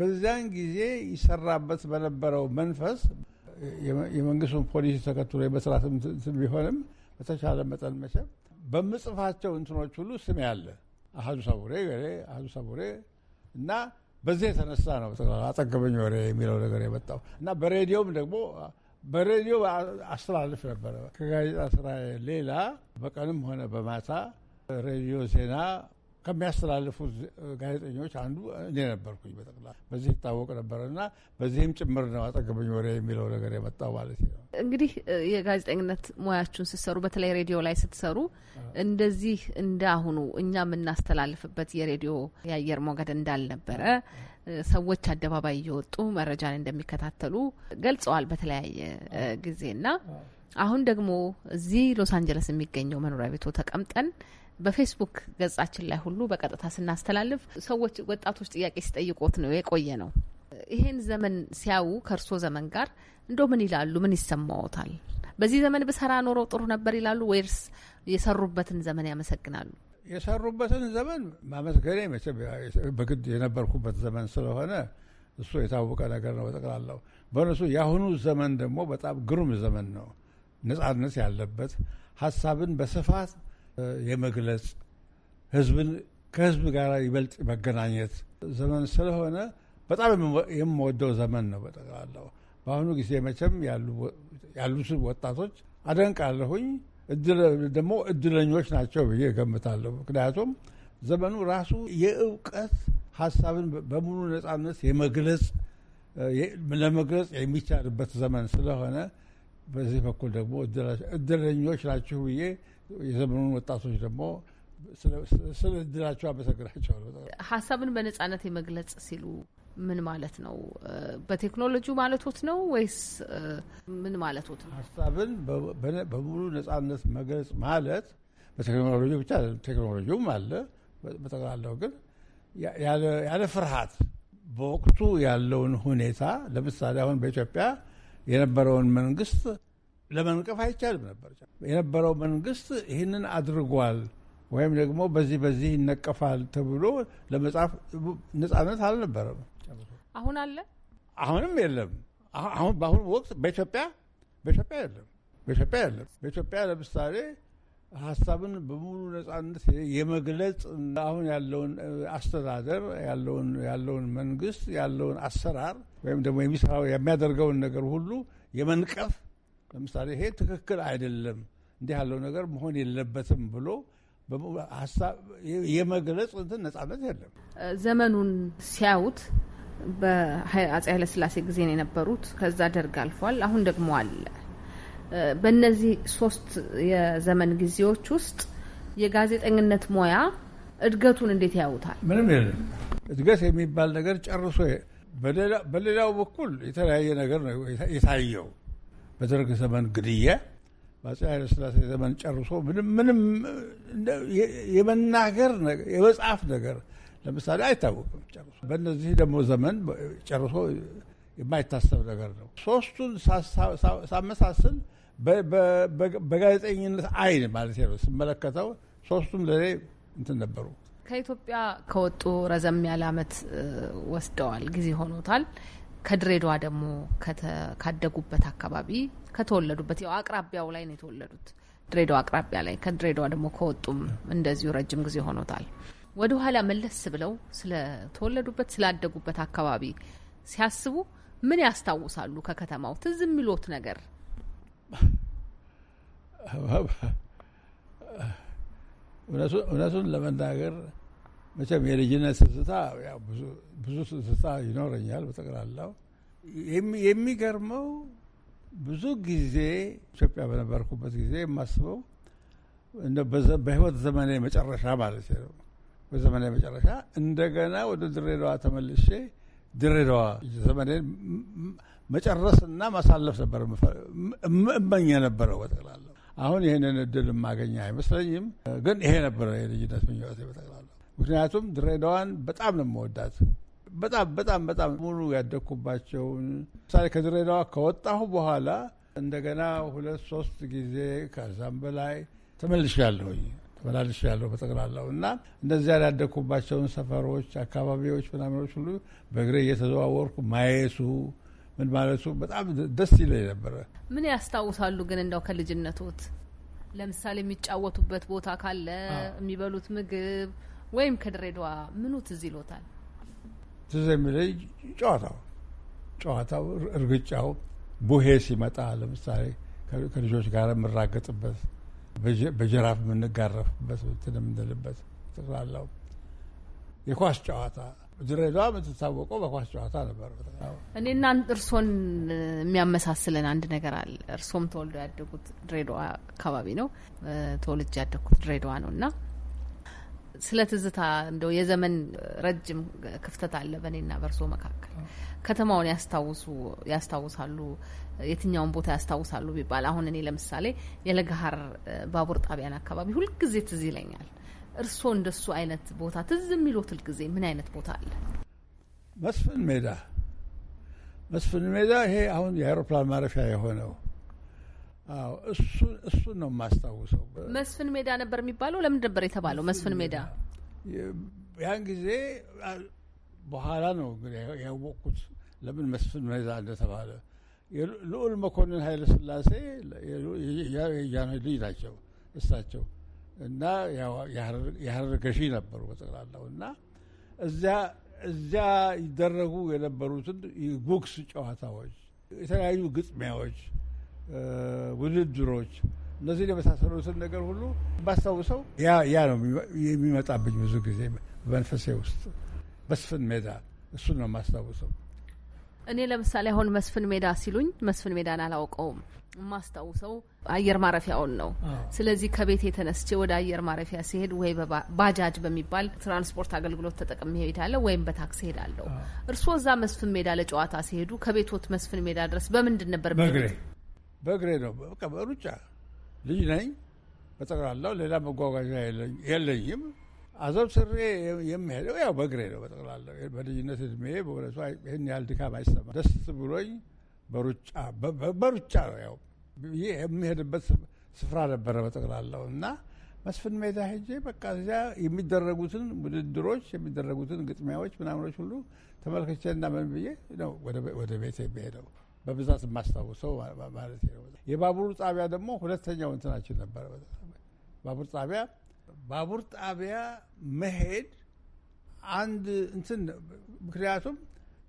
በዚያን ጊዜ ይሰራበት በነበረው መንፈስ የመንግስቱን ፖሊሲ ተከትሎ የመስራት እንትን ቢሆንም በተቻለ መጠን መቼም በምጽፋቸው እንትኖች ሁሉ ስሜ አለ። አሀዱ ሰቡሬ ገሬ፣ አሀዱ ሰቡሬ እና በዚህ የተነሳ ነው አጠገበኝ ወሬ የሚለው ነገር የመጣው እና በሬዲዮም ደግሞ በሬዲዮ አስተላልፍ ነበረ ከጋዜጣ ስራ ሌላ በቀንም ሆነ በማታ ሬዲዮ ዜና ከሚያስተላልፉት ጋዜጠኞች አንዱ እኔ ነበርኩኝ። በጠቅላ በዚህ ይታወቅ ነበረና በዚህም ጭምር ነው አጠገብኝ ወሬ የሚለው ነገር የመጣው ማለት ነው። እንግዲህ የጋዜጠኝነት ሙያችሁን ስትሰሩ፣ በተለይ ሬዲዮ ላይ ስትሰሩ እንደዚህ እንዳሁኑ እኛ የምናስተላልፍበት የሬዲዮ የአየር ሞገድ እንዳልነበረ ሰዎች አደባባይ እየወጡ መረጃን እንደሚከታተሉ ገልጸዋል በተለያየ ጊዜና አሁን ደግሞ እዚህ ሎስ አንጀለስ የሚገኘው መኖሪያ ቤቶ ተቀምጠን በፌስቡክ ገጻችን ላይ ሁሉ በቀጥታ ስናስተላልፍ ሰዎች ወጣቶች ጥያቄ ሲጠይቁት ነው የቆየ ነው። ይሄን ዘመን ሲያዩ ከእርሶ ዘመን ጋር እንደ ምን ይላሉ? ምን ይሰማዎታል? በዚህ ዘመን ብሰራ ኖሮ ጥሩ ነበር ይላሉ ወይስ የሰሩበትን ዘመን ያመሰግናሉ? የሰሩበትን ዘመን ማመስገን በግድ የነበርኩበት ዘመን ስለሆነ እሱ የታወቀ ነገር ነው በጠቅላላው። በእነሱ የአሁኑ ዘመን ደግሞ በጣም ግሩም ዘመን ነው። ነጻነት ያለበት ሀሳብን በስፋት የመግለጽ ህዝብን ከህዝብ ጋር ይበልጥ መገናኘት ዘመን ስለሆነ በጣም የምወደው ዘመን ነው። በጠቅላላው በአሁኑ ጊዜ መቼም ያሉት ወጣቶች አደንቃለሁኝ። ደግሞ እድለኞች ናቸው ብዬ እገምታለሁ። ምክንያቱም ዘመኑ ራሱ የእውቀት ሀሳብን በሙሉ ነፃነት የመግለጽ ለመግለጽ የሚቻልበት ዘመን ስለሆነ በዚህ በኩል ደግሞ እድለኞች ናችሁ ብዬ የዘመኑን ወጣቶች ደግሞ ስለ እድላቸው አመሰግናቸዋለሁ። ሀሳብን በነጻነት የመግለጽ ሲሉ ምን ማለት ነው? በቴክኖሎጂ ማለቶት ነው ወይስ ምን ማለቶት ነው? ሀሳብን በሙሉ ነጻነት መግለጽ ማለት በቴክኖሎጂ ብቻ ቴክኖሎጂውም አለ። በጠቅላላው ግን ያለ ፍርሃት በወቅቱ ያለውን ሁኔታ ለምሳሌ አሁን በኢትዮጵያ የነበረውን መንግስት ለመንቀፍ አይቻልም ነበር። የነበረው መንግስት ይህንን አድርጓል ወይም ደግሞ በዚህ በዚህ ይነቀፋል ተብሎ ለመጻፍ ነጻነት አልነበረም። አሁን አለ፣ አሁንም የለም። አሁን በአሁኑ ወቅት በኢትዮጵያ በኢትዮጵያ የለም። በኢትዮጵያ የለም። በኢትዮጵያ ለምሳሌ ሀሳብን በሙሉ ነጻነት የመግለጽ አሁን ያለውን አስተዳደር ያለውን ያለውን መንግስት ያለውን አሰራር ወይም ደግሞ የሚሰራው የሚያደርገውን ነገር ሁሉ የመንቀፍ ለምሳሌ ይሄ ትክክል አይደለም፣ እንዲህ ያለው ነገር መሆን የለበትም ብሎ የመግለጽ እንትን ነጻነት የለም። ዘመኑን ሲያዩት በአፄ ኃይለስላሴ ጊዜ ነው የነበሩት። ከዛ ደርግ አልፏል፣ አሁን ደግሞ አለ። በእነዚህ ሶስት የዘመን ጊዜዎች ውስጥ የጋዜጠኝነት ሙያ እድገቱን እንዴት ያዩታል? ምንም የለም እድገት የሚባል ነገር ጨርሶ። በሌላው በኩል የተለያየ ነገር ነው የታየው በደርግ ዘመን ግድያ በአፄ ኃይለሥላሴ ዘመን ጨርሶ ምንም ምንም የመናገር የመጻፍ ነገር ለምሳሌ አይታወቅም ጨርሶ። በእነዚህ ደግሞ ዘመን ጨርሶ የማይታሰብ ነገር ነው። ሶስቱን ሳመሳስል በጋዜጠኝነት አይን ማለት ነው ስመለከተው ሶስቱም ለኔ እንትን ነበሩ። ከኢትዮጵያ ከወጡ ረዘም ያለ ዓመት ወስደዋል፣ ጊዜ ሆኖታል። ከድሬዳዋ ደግሞ ካደጉበት አካባቢ ከተወለዱበት ያው አቅራቢያው ላይ ነው የተወለዱት ድሬዳዋ አቅራቢያ ላይ ከድሬዳዋ ደግሞ ከወጡም እንደዚሁ ረጅም ጊዜ ሆኖታል። ወደ ኋላ መለስ ብለው ስለተወለዱበት ስላደጉበት አካባቢ ሲያስቡ ምን ያስታውሳሉ? ከከተማው ትዝ የሚሎት ነገር እውነቱን ለመናገር መቼም የልጅነት ስስታ ብዙ ስስታ ይኖረኛል። በጠቅላላው የሚገርመው ብዙ ጊዜ ኢትዮጵያ በነበርኩበት ጊዜ የማስበው በህይወት ዘመኔ መጨረሻ ማለት ነው። በዘመኔ መጨረሻ እንደገና ወደ ድሬዳዋ ተመልሼ ድሬዳዋ ዘመኔን መጨረስና ማሳለፍ ነበር እመኝ ነበረው በጠቅላላው። አሁን ይህንን እድል የማገኘ አይመስለኝም፣ ግን ይሄ ነበረ የልጅነት ምኞቴ በጠቅላላ ምክንያቱም ድሬዳዋን በጣም ነው የምወዳት። በጣም በጣም በጣም ሙሉ ያደግኩባቸው ምሳሌ ከድሬዳዋ ከወጣሁ በኋላ እንደገና ሁለት ሶስት ጊዜ ከዛም በላይ ተመልሻለሁኝ ያለሁ በጠቅላላው እና እንደዚያ ያደግኩባቸውን ሰፈሮች፣ አካባቢዎች ምናምኖች ሁሉ በእግሬ እየተዘዋወርኩ ማየሱ ምን ማለቱ በጣም ደስ ይለኝ ነበረ። ምን ያስታውሳሉ ግን እንደው ከልጅነቶት ለምሳሌ የሚጫወቱበት ቦታ ካለ፣ የሚበሉት ምግብ ወይም ከድሬዳዋ ምኑ ትዝ ይሎታል? ትዝ የሚለኝ ጨዋታው ጨዋታው፣ እርግጫው፣ ቡሄ ሲመጣ ለምሳሌ ከልጆች ጋር የምራገጥበት በጅራፍ የምንጋረፍበት እንትን የምንልበት ጠቅላላው የኳስ ጨዋታ ድሬዳዋ የምትታወቀው በኳስ ጨዋታ ነበር። እኔና እርሶን የሚያመሳስለን አንድ ነገር አለ። እርሶም ተወልዶ ያደጉት ድሬዳዋ አካባቢ ነው። ተወልጄ ያደግኩት ድሬዳዋ ነው እና ስለ ትዝታ እንደው የዘመን ረጅም ክፍተት አለ በእኔና በእርሶ መካከል። ከተማውን ያስታውሱ ያስታውሳሉ፣ የትኛውን ቦታ ያስታውሳሉ ቢባል አሁን እኔ ለምሳሌ የለገሀር ባቡር ጣቢያን አካባቢ ሁልጊዜ ትዝ ይለኛል። እንደ እንደሱ አይነት ቦታ ትዝ የሚሉት ጊዜ ምን አይነት ቦታ አለ? መስፍን ሜዳ መስፍን ሜዳ ይሄ አሁን የአውሮፕላን ማረፊያ የሆነው እሱን ነው የማስታውሰው። መስፍን ሜዳ ነበር የሚባለው። ለምን ነበር የተባለው መስፍን ሜዳ? ያን ጊዜ በኋላ ነው ያወቅኩት ለምን መስፍን ሜዳ እንደተባለ። ልዑል መኮንን ኃይለ ስላሴ ያነ ልጅ ናቸው እሳቸው እና የሀረር ገዢ ነበሩ በጠቅላላው እና እዚያ እዚያ ይደረጉ የነበሩትን የቦክስ ጨዋታዎች፣ የተለያዩ ግጥሚያዎች ውድድሮች፣ እነዚህ የመሳሰሉትን ነገር ሁሉ ባስታውሰው ያ ያ ነው የሚመጣብኝ ብዙ ጊዜ መንፈሴ ውስጥ መስፍን ሜዳ እሱን ነው የማስታውሰው። እኔ ለምሳሌ አሁን መስፍን ሜዳ ሲሉኝ መስፍን ሜዳን አላውቀውም። የማስታውሰው አየር ማረፊያውን ነው። ስለዚህ ከቤት የተነስቼ ወደ አየር ማረፊያ ሲሄድ ወይ ባጃጅ በሚባል ትራንስፖርት አገልግሎት ተጠቅሜ ሄዳለሁ ወይም በታክሲ ሄዳለሁ። እርስዎ እዛ መስፍን ሜዳ ለጨዋታ ሲሄዱ ከቤቶት መስፍን ሜዳ ድረስ በምንድን ነበር? በእግሬ በእግሬ ነው በቃ በሩጫ ልጅ ነኝ በጠቅላላው ሌላ መጓጓዣ የለኝም። ስሬ የሚሄደው ያው በእግሬ ነው በጠቅላላው። በልጅነት እድሜ በእውነቱ ይህን ያህል ድካም አይሰማ፣ ደስ ብሎኝ በሩጫ በሩጫ ነው ያው ይህ የሚሄድበት ስፍራ ነበረ በጠቅላላው እና መስፍን ሜዳ ሄጄ በቃ እዚያ የሚደረጉትን ውድድሮች የሚደረጉትን ግጥሚያዎች ምናምኖች ሁሉ ተመልክቼ እና ምን ብዬ ነው ወደ ቤት የሚሄደው። በብዛት የማስታውሰው ማለት ነው። የባቡር ጣቢያ ደግሞ ሁለተኛው እንትናችን ነበረ። ባቡር ጣቢያ ባቡር ጣቢያ መሄድ አንድ እንትን ምክንያቱም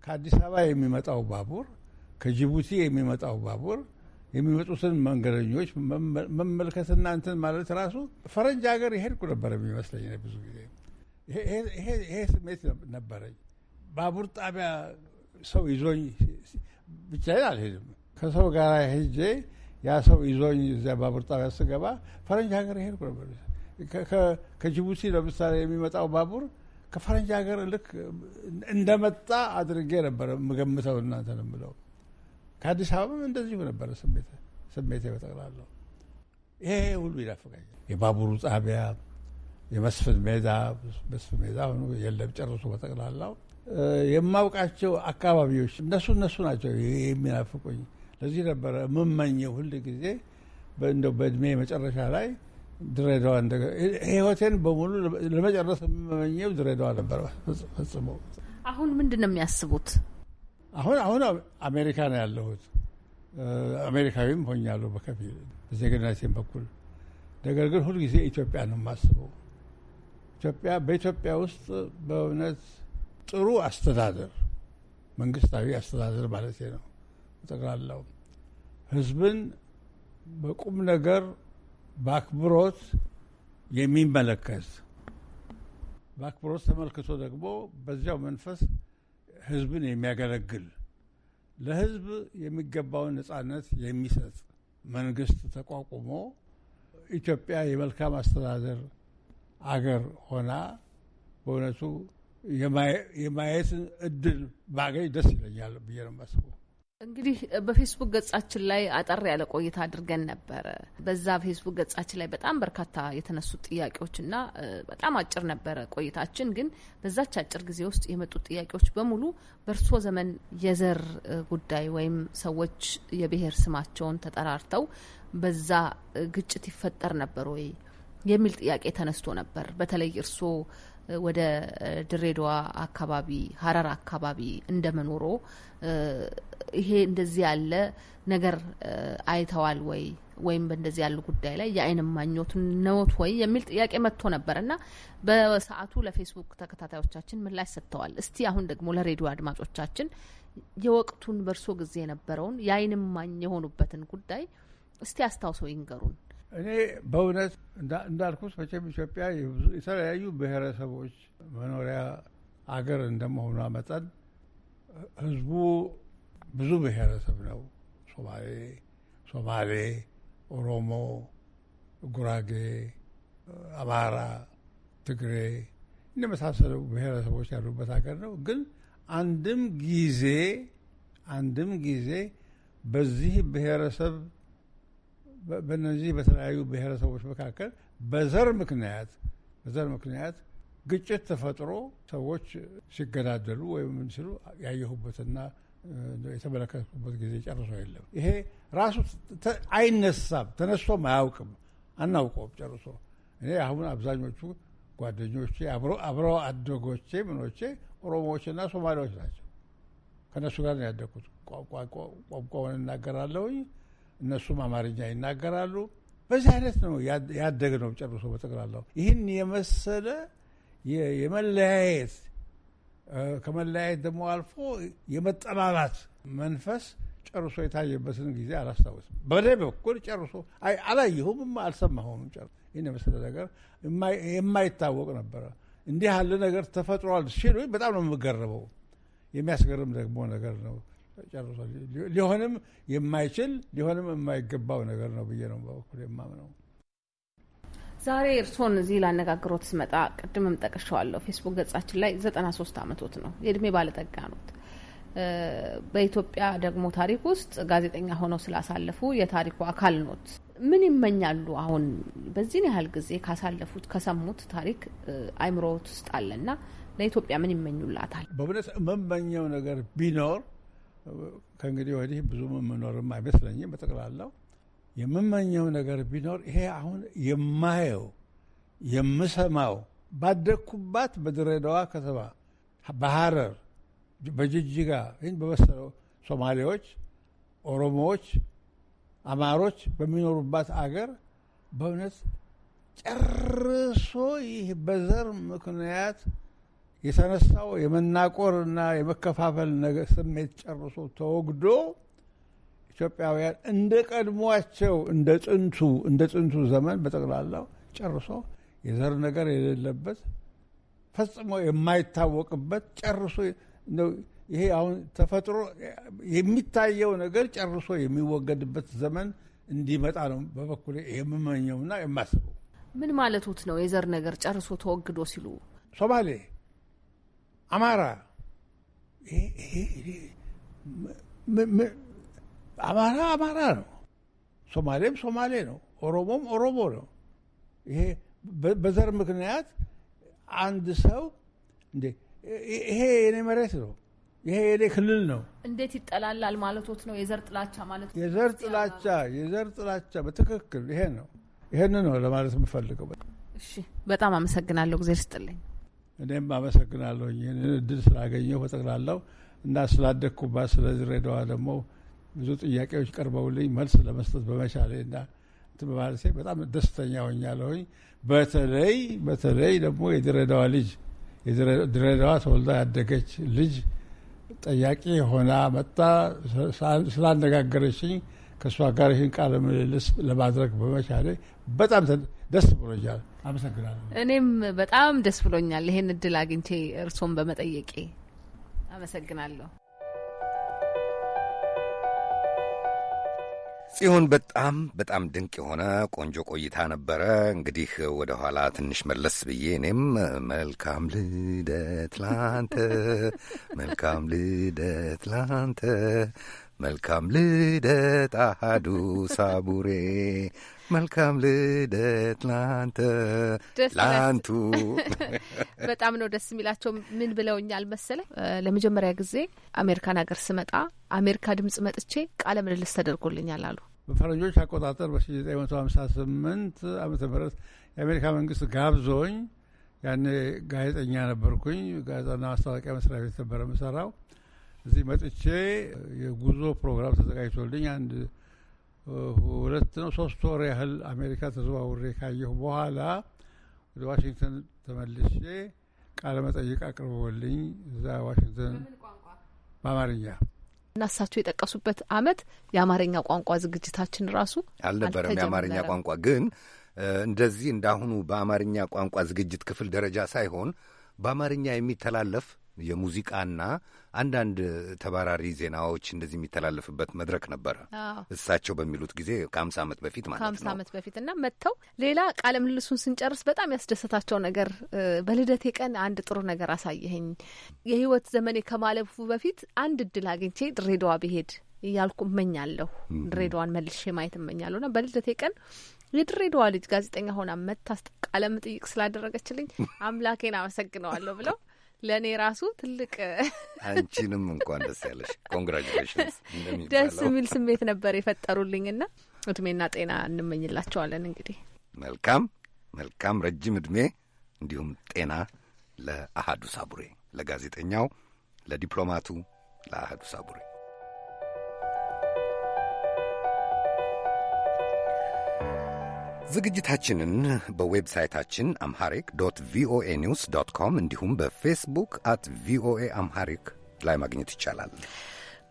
ከአዲስ አበባ የሚመጣው ባቡር ከጅቡቲ የሚመጣው ባቡር የሚመጡትን መንገደኞች መመልከትና እንትን ማለት ራሱ ፈረንጅ ሀገር የሄድኩ ነበር የሚመስለኝ ብዙ ጊዜ ይሄ ስሜት ነበረኝ። ባቡር ጣቢያ ሰው ይዞኝ ብቻዬን አልሄድም። ከሰው ጋር ሄጄ ያ ሰው ይዞኝ እዚያ ባቡር ጣቢያ ስገባ ፈረንጅ ሀገር ሄድኩ ነበር። ከጅቡቲ ለምሳሌ የሚመጣው ባቡር ከፈረንጅ ሀገር ልክ እንደመጣ አድርጌ ነበረ ምገምተው እናንተ ነው የምለው። ከአዲስ አበባም እንደዚሁ ነበረ ስሜቴ በጠቅላለሁ። ይሄ ሁሉ ይናፍቃኛል። የባቡሩ ጣቢያ፣ የመስፍን ሜዳ መስፍን ሜዳ ሆኖ የለም ጨርሶ በጠቅላላው የማውቃቸው አካባቢዎች እነሱ እነሱ ናቸው የሚናፍቁኝ። ለዚህ ነበረ የምመኘው ሁል ጊዜ እንደ በእድሜ መጨረሻ ላይ ድሬዳዋ እንደ ህይወቴን በሙሉ ለመጨረስ የምመኘው ድሬዳዋ ነበረ። ፈጽሞ አሁን ምንድን ነው የሚያስቡት? አሁን አሁን አሜሪካ ነው ያለሁት። አሜሪካዊም ሆኛለሁ በከፊል በዜግነቴም በኩል ነገር ግን ሁልጊዜ ኢትዮጵያ ነው የማስበው። ኢትዮጵያ በኢትዮጵያ ውስጥ በእውነት ጥሩ አስተዳደር፣ መንግስታዊ አስተዳደር ማለት ነው። ጠቅላላው ህዝብን በቁም ነገር በአክብሮት የሚመለከት በአክብሮት ተመልክቶ ደግሞ በዚያው መንፈስ ህዝብን የሚያገለግል ለህዝብ የሚገባውን ነጻነት የሚሰጥ መንግስት ተቋቁሞ ኢትዮጵያ የመልካም አስተዳደር አገር ሆና በእውነቱ የማየትን እድል ባገኝ ደስ ይለኛል ብዬ ነው የማስበው። እንግዲህ በፌስቡክ ገጻችን ላይ አጠር ያለ ቆይታ አድርገን ነበረ። በዛ ፌስቡክ ገጻችን ላይ በጣም በርካታ የተነሱ ጥያቄዎችና በጣም አጭር ነበረ ቆይታችን። ግን በዛች አጭር ጊዜ ውስጥ የመጡ ጥያቄዎች በሙሉ በእርሶ ዘመን የዘር ጉዳይ ወይም ሰዎች የብሔር ስማቸውን ተጠራርተው በዛ ግጭት ይፈጠር ነበር ወይ የሚል ጥያቄ ተነስቶ ነበር። በተለይ እርስዎ ወደ ድሬዳዋ አካባቢ ሀረር አካባቢ እንደመኖሮ ይሄ እንደዚህ ያለ ነገር አይተዋል ወይ ወይም በእንደዚህ ያሉ ጉዳይ ላይ የአይን ማኞት ነዎት ወይ የሚል ጥያቄ መጥቶ ነበር እና በሰዓቱ ለፌስቡክ ተከታታዮቻችን ምላሽ ሰጥተዋል። እስቲ አሁን ደግሞ ለሬዲዮ አድማጮቻችን የወቅቱን በእርሶ ጊዜ የነበረውን የአይን ማኝ የሆኑበትን ጉዳይ እስቲ አስታውሰው ይንገሩን። እኔ በእውነት እንዳልኩት መቼም ኢትዮጵያ የተለያዩ ብሔረሰቦች መኖሪያ አገር እንደመሆኗ መጠን ህዝቡ ብዙ ብሔረሰብ ነው። ሶማሌ፣ ሶማሌ፣ ኦሮሞ፣ ጉራጌ፣ አማራ፣ ትግሬ እንደመሳሰሉ ብሔረሰቦች ያሉበት ሀገር ነው። ግን አንድም ጊዜ አንድም ጊዜ በዚህ ብሔረሰብ በእነዚህ በተለያዩ ብሔረሰቦች መካከል በዘር ምክንያት በዘር ምክንያት ግጭት ተፈጥሮ ሰዎች ሲገዳደሉ ወይም ሲሉ ያየሁበትና የተመለከትኩበት ጊዜ ጨርሶ የለም። ይሄ ራሱ አይነሳም፣ ተነስቶም አያውቅም፣ አናውቀውም ጨርሶ። እኔ አሁን አብዛኞቹ ጓደኞቼ አብሮ አደጎቼ ምኖቼ ኦሮሞዎችና ሶማሌዎች ናቸው። ከእነሱ ጋር ነው ያደግኩት። ቋንቋውን እናገራለሁኝ እነሱም አማርኛ ይናገራሉ። በዚህ አይነት ነው ያደግ ነው ጨርሶ በጠቅላላው ይህን የመሰለ የመለያየት ከመለያየት ደግሞ አልፎ የመጠላላት መንፈስ ጨርሶ የታየበትን ጊዜ አላስታውስም። በላይ በኩል ጨርሶ አላየሁም፣ አልሰማሁም። ጨር ይህን የመሰለ ነገር የማይታወቅ ነበረ። እንዲህ ያለ ነገር ተፈጥሯል ሲሉኝ በጣም ነው የምገረበው። የሚያስገርም ደግሞ ነገር ነው። ሊሆንም የማይችል ሊሆንም የማይገባው ነገር ነው ብዬ ነው በበኩል የማምነው። ዛሬ እርስዎን እዚህ ላነጋግሮት ስመጣ ቅድምም ጠቅሸዋለሁ፣ ፌስቡክ ገጻችን ላይ ዘጠና ሶስት አመቶት ነው የእድሜ ባለጠጋ ኖት። በኢትዮጵያ ደግሞ ታሪክ ውስጥ ጋዜጠኛ ሆነው ስላሳለፉ የታሪኩ አካል ኖት። ምን ይመኛሉ? አሁን በዚህን ያህል ጊዜ ካሳለፉት ከሰሙት ታሪክ አይምሮት ውስጥ አለና ለኢትዮጵያ ምን ይመኙላታል? በእውነት የምመኘው ነገር ቢኖር ከእንግዲህ ወዲህ ብዙ የምኖርም አይመስለኝም። በጠቅላላው የምመኘው ነገር ቢኖር ይሄ አሁን የማየው የምሰማው ባደግኩባት በድሬዳዋ ከተማ፣ በሐረር፣ በጅጅጋ ይህን በመሰለው ሶማሌዎች፣ ኦሮሞዎች፣ አማሮች በሚኖሩባት አገር በእውነት ጨርሶ ይህ በዘር ምክንያት የተነሳው የመናቆርና የመከፋፈል ስሜት ጨርሶ ተወግዶ ኢትዮጵያውያን እንደ ቀድሟቸው እንደ ጥንቱ እንደ ጥንቱ ዘመን በጠቅላላው ጨርሶ የዘር ነገር የሌለበት ፈጽሞ የማይታወቅበት ጨርሶ ይሄ አሁን ተፈጥሮ የሚታየው ነገር ጨርሶ የሚወገድበት ዘመን እንዲመጣ ነው በበኩሌ የምመኘውና የማስበው። ምን ማለቶት ነው? የዘር ነገር ጨርሶ ተወግዶ ሲሉ ሶማሌ አማራ አማራ አማራ ነው፣ ሶማሌም ሶማሌ ነው፣ ኦሮሞም ኦሮሞ ነው። ይሄ በዘር ምክንያት አንድ ሰው እንዴ ይሄ የኔ መሬት ነው፣ ይሄ የኔ ክልል ነው እንዴት ይጠላላል ማለቶት ነው። የዘር ጥላቻ ማለት የዘር ጥላቻ የዘር ጥላቻ በትክክል ይሄ ነው። ይሄን ነው ለማለት የምፈልገው። እሺ፣ በጣም አመሰግናለሁ። እግዜር ስጥልኝ። እኔም አመሰግናለሁ ይህንን እድል ስላገኘሁ በጠቅላላው እና ስላደግኩባት ስለዚህ ድሬዳዋ ደግሞ ብዙ ጥያቄዎች ቀርበውልኝ መልስ ለመስጠት በመቻሌ እና በማለቴ በጣም ደስተኛ ሆኛለሁኝ። በተለይ በተለይ ደግሞ የድሬዳዋ ልጅ ድሬዳዋ ተወልዳ ያደገች ልጅ ጠያቂ ሆና መጣ ስላነጋገረችኝ ከእሷ ጋር ይህን ቃለ ምልልስ ለማድረግ በመቻሌ በጣም ደስ ብሎኛል። አመሰግናለሁ። እኔም በጣም ደስ ብሎኛል ይሄን እድል አግኝቼ እርሶን በመጠየቄ አመሰግናለሁ። ጽዮን በጣም በጣም ድንቅ የሆነ ቆንጆ ቆይታ ነበረ። እንግዲህ ወደ ኋላ ትንሽ መለስ ብዬ እኔም መልካም ልደት ላንተ፣ መልካም ልደት ላንተ፣ መልካም ልደት አህዱ ሳቡሬ መልካም ልደት ላንተ ላንቱ። በጣም ነው ደስ የሚላቸው። ምን ብለውኛል መሰለ፣ ለመጀመሪያ ጊዜ አሜሪካን ሀገር ስመጣ አሜሪካ ድምጽ መጥቼ ቃለ ምልልስ ተደርጎልኛል አሉ። በፈረንጆች አቆጣጠር በ1958 ዓመተ ምህረት የአሜሪካ መንግስት ጋብዞኝ፣ ያኔ ጋዜጠኛ ነበርኩኝ። ጋዜጣና ማስታወቂያ መስሪያ ቤት ነበረ የምሰራው። እዚህ መጥቼ የጉዞ ፕሮግራም ተዘጋጅቶልኝ አንድ ሁለት ነው ሶስት ወር ያህል አሜሪካ ተዘዋውሬ ካየሁ በኋላ ወደ ዋሽንግተን ተመልሼ ቃለ መጠይቅ አቅርበውልኝ እዛ ዋሽንግተን በአማርኛ እና እሳቸው የጠቀሱበት አመት የአማርኛ ቋንቋ ዝግጅታችን ራሱ አልነበረም። የአማርኛ ቋንቋ ግን እንደዚህ እንዳሁኑ በአማርኛ ቋንቋ ዝግጅት ክፍል ደረጃ ሳይሆን በአማርኛ የሚተላለፍ የሙዚቃና አንዳንድ ተባራሪ ዜናዎች እንደዚህ የሚተላለፍበት መድረክ ነበረ። እሳቸው በሚሉት ጊዜ ከሀምሳ ዓመት በፊት ማለት ነው። ከሀምሳ ዓመት በፊት እና መጥተው ሌላ ቃለ ምልልሱን ስንጨርስ በጣም ያስደሰታቸው ነገር በልደቴ ቀን አንድ ጥሩ ነገር አሳየኸኝ፣ የህይወት ዘመኔ ከማለፉ በፊት አንድ እድል አግኝቼ ድሬዳዋ ብሄድ እያልኩ እመኛለሁ። ድሬዳዋን መልሼ ማየት እመኛለሁ እና በልደቴ ቀን የድሬዳዋ ልጅ ጋዜጠኛ ሆና መታስ ቃለ መጠይቅ ስላደረገችልኝ አምላኬን አመሰግነዋለሁ ብለው ለእኔ ራሱ ትልቅ አንቺንም እንኳን ደስ ያለሽ ኮንግራጁሌሽን ደስ የሚል ስሜት ነበር የፈጠሩልኝና እድሜና ጤና እንመኝላቸዋለን። እንግዲህ መልካም መልካም ረጅም እድሜ እንዲሁም ጤና ለአሃዱ ሳቡሬ፣ ለጋዜጠኛው፣ ለዲፕሎማቱ ለአሃዱ ሳቡሬ ዝግጅታችንን በዌብሳይታችን አምሃሪክ ዶት ቪኦኤ ኒውስ ዶት ኮም እንዲሁም በፌስቡክ አት ቪኦኤ አምሃሪክ ላይ ማግኘት ይቻላል።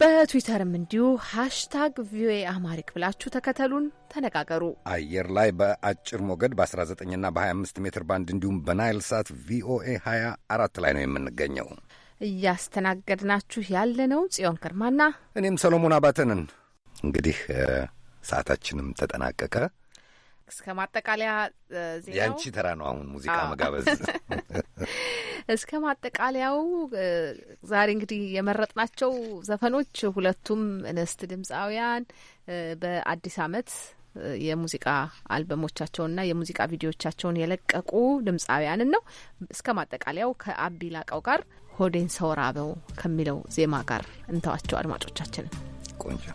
በትዊተርም እንዲሁ ሃሽታግ ቪኦኤ አማሪክ ብላችሁ ተከተሉን፣ ተነጋገሩ። አየር ላይ በአጭር ሞገድ በ19ና በ25 ሜትር ባንድ እንዲሁም በናይል ሳት ቪኦኤ 24 ላይ ነው የምንገኘው። እያስተናገድናችሁ ያለነው ጽዮን ግርማና እኔም ሰሎሞን አባተንን። እንግዲህ ሰዓታችንም ተጠናቀቀ። እስከ ማጠቃለያ ዜናው ያንቺ ተራ ነው። አሁን ሙዚቃ መጋበዝ እስከ ማጠቃለያው። ዛሬ እንግዲህ የመረጥናቸው ዘፈኖች ሁለቱም እንስት ድምፃውያን በአዲስ ዓመት የሙዚቃ አልበሞቻቸውንና የሙዚቃ ቪዲዮቻቸውን የለቀቁ ድምፃውያንን ነው። እስከ ማጠቃለያው ከአቢ ላቀው ጋር ሆዴን ሰወራበው ከሚለው ዜማ ጋር እንተዋቸው አድማጮቻችንን ቆንጆ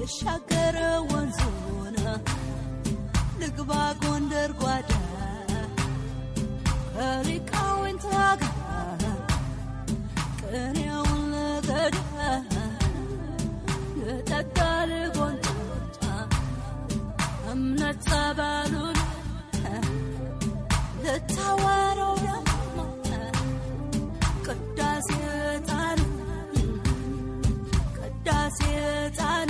ልሻገር ወንዙን ልግባ ጎንደር ጓዳ ከሊቃውንት ጋር ቅኔውን ልቀዳ ልጠጣ ልጎንጨጫ እምነት ጸበሉን ልታወረው ደማ ቅዳሴ ቅዳሴ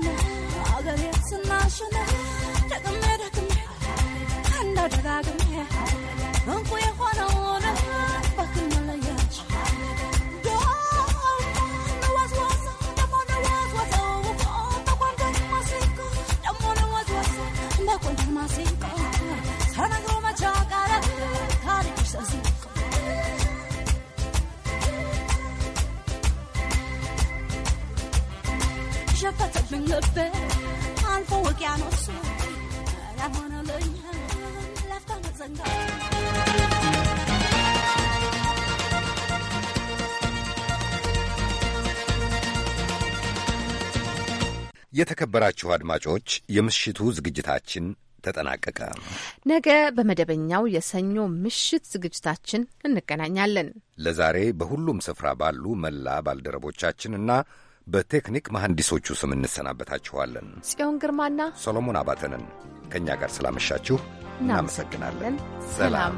national. And I'll drag a minute. Don't የተከበራችሁ አድማጮች የምሽቱ ዝግጅታችን ተጠናቀቀ። ነገ በመደበኛው የሰኞ ምሽት ዝግጅታችን እንገናኛለን። ለዛሬ በሁሉም ስፍራ ባሉ መላ ባልደረቦቻችንና በቴክኒክ መሐንዲሶቹ ስም እንሰናበታችኋለን። ጽዮን ግርማና ሰሎሞን አባተንን ከእኛ ጋር ስላመሻችሁ እናመሰግናለን። ሰላም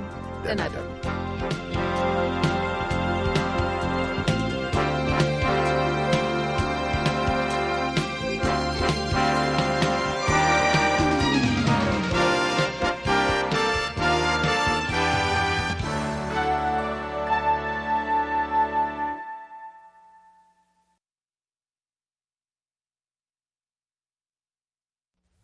ደናደሩ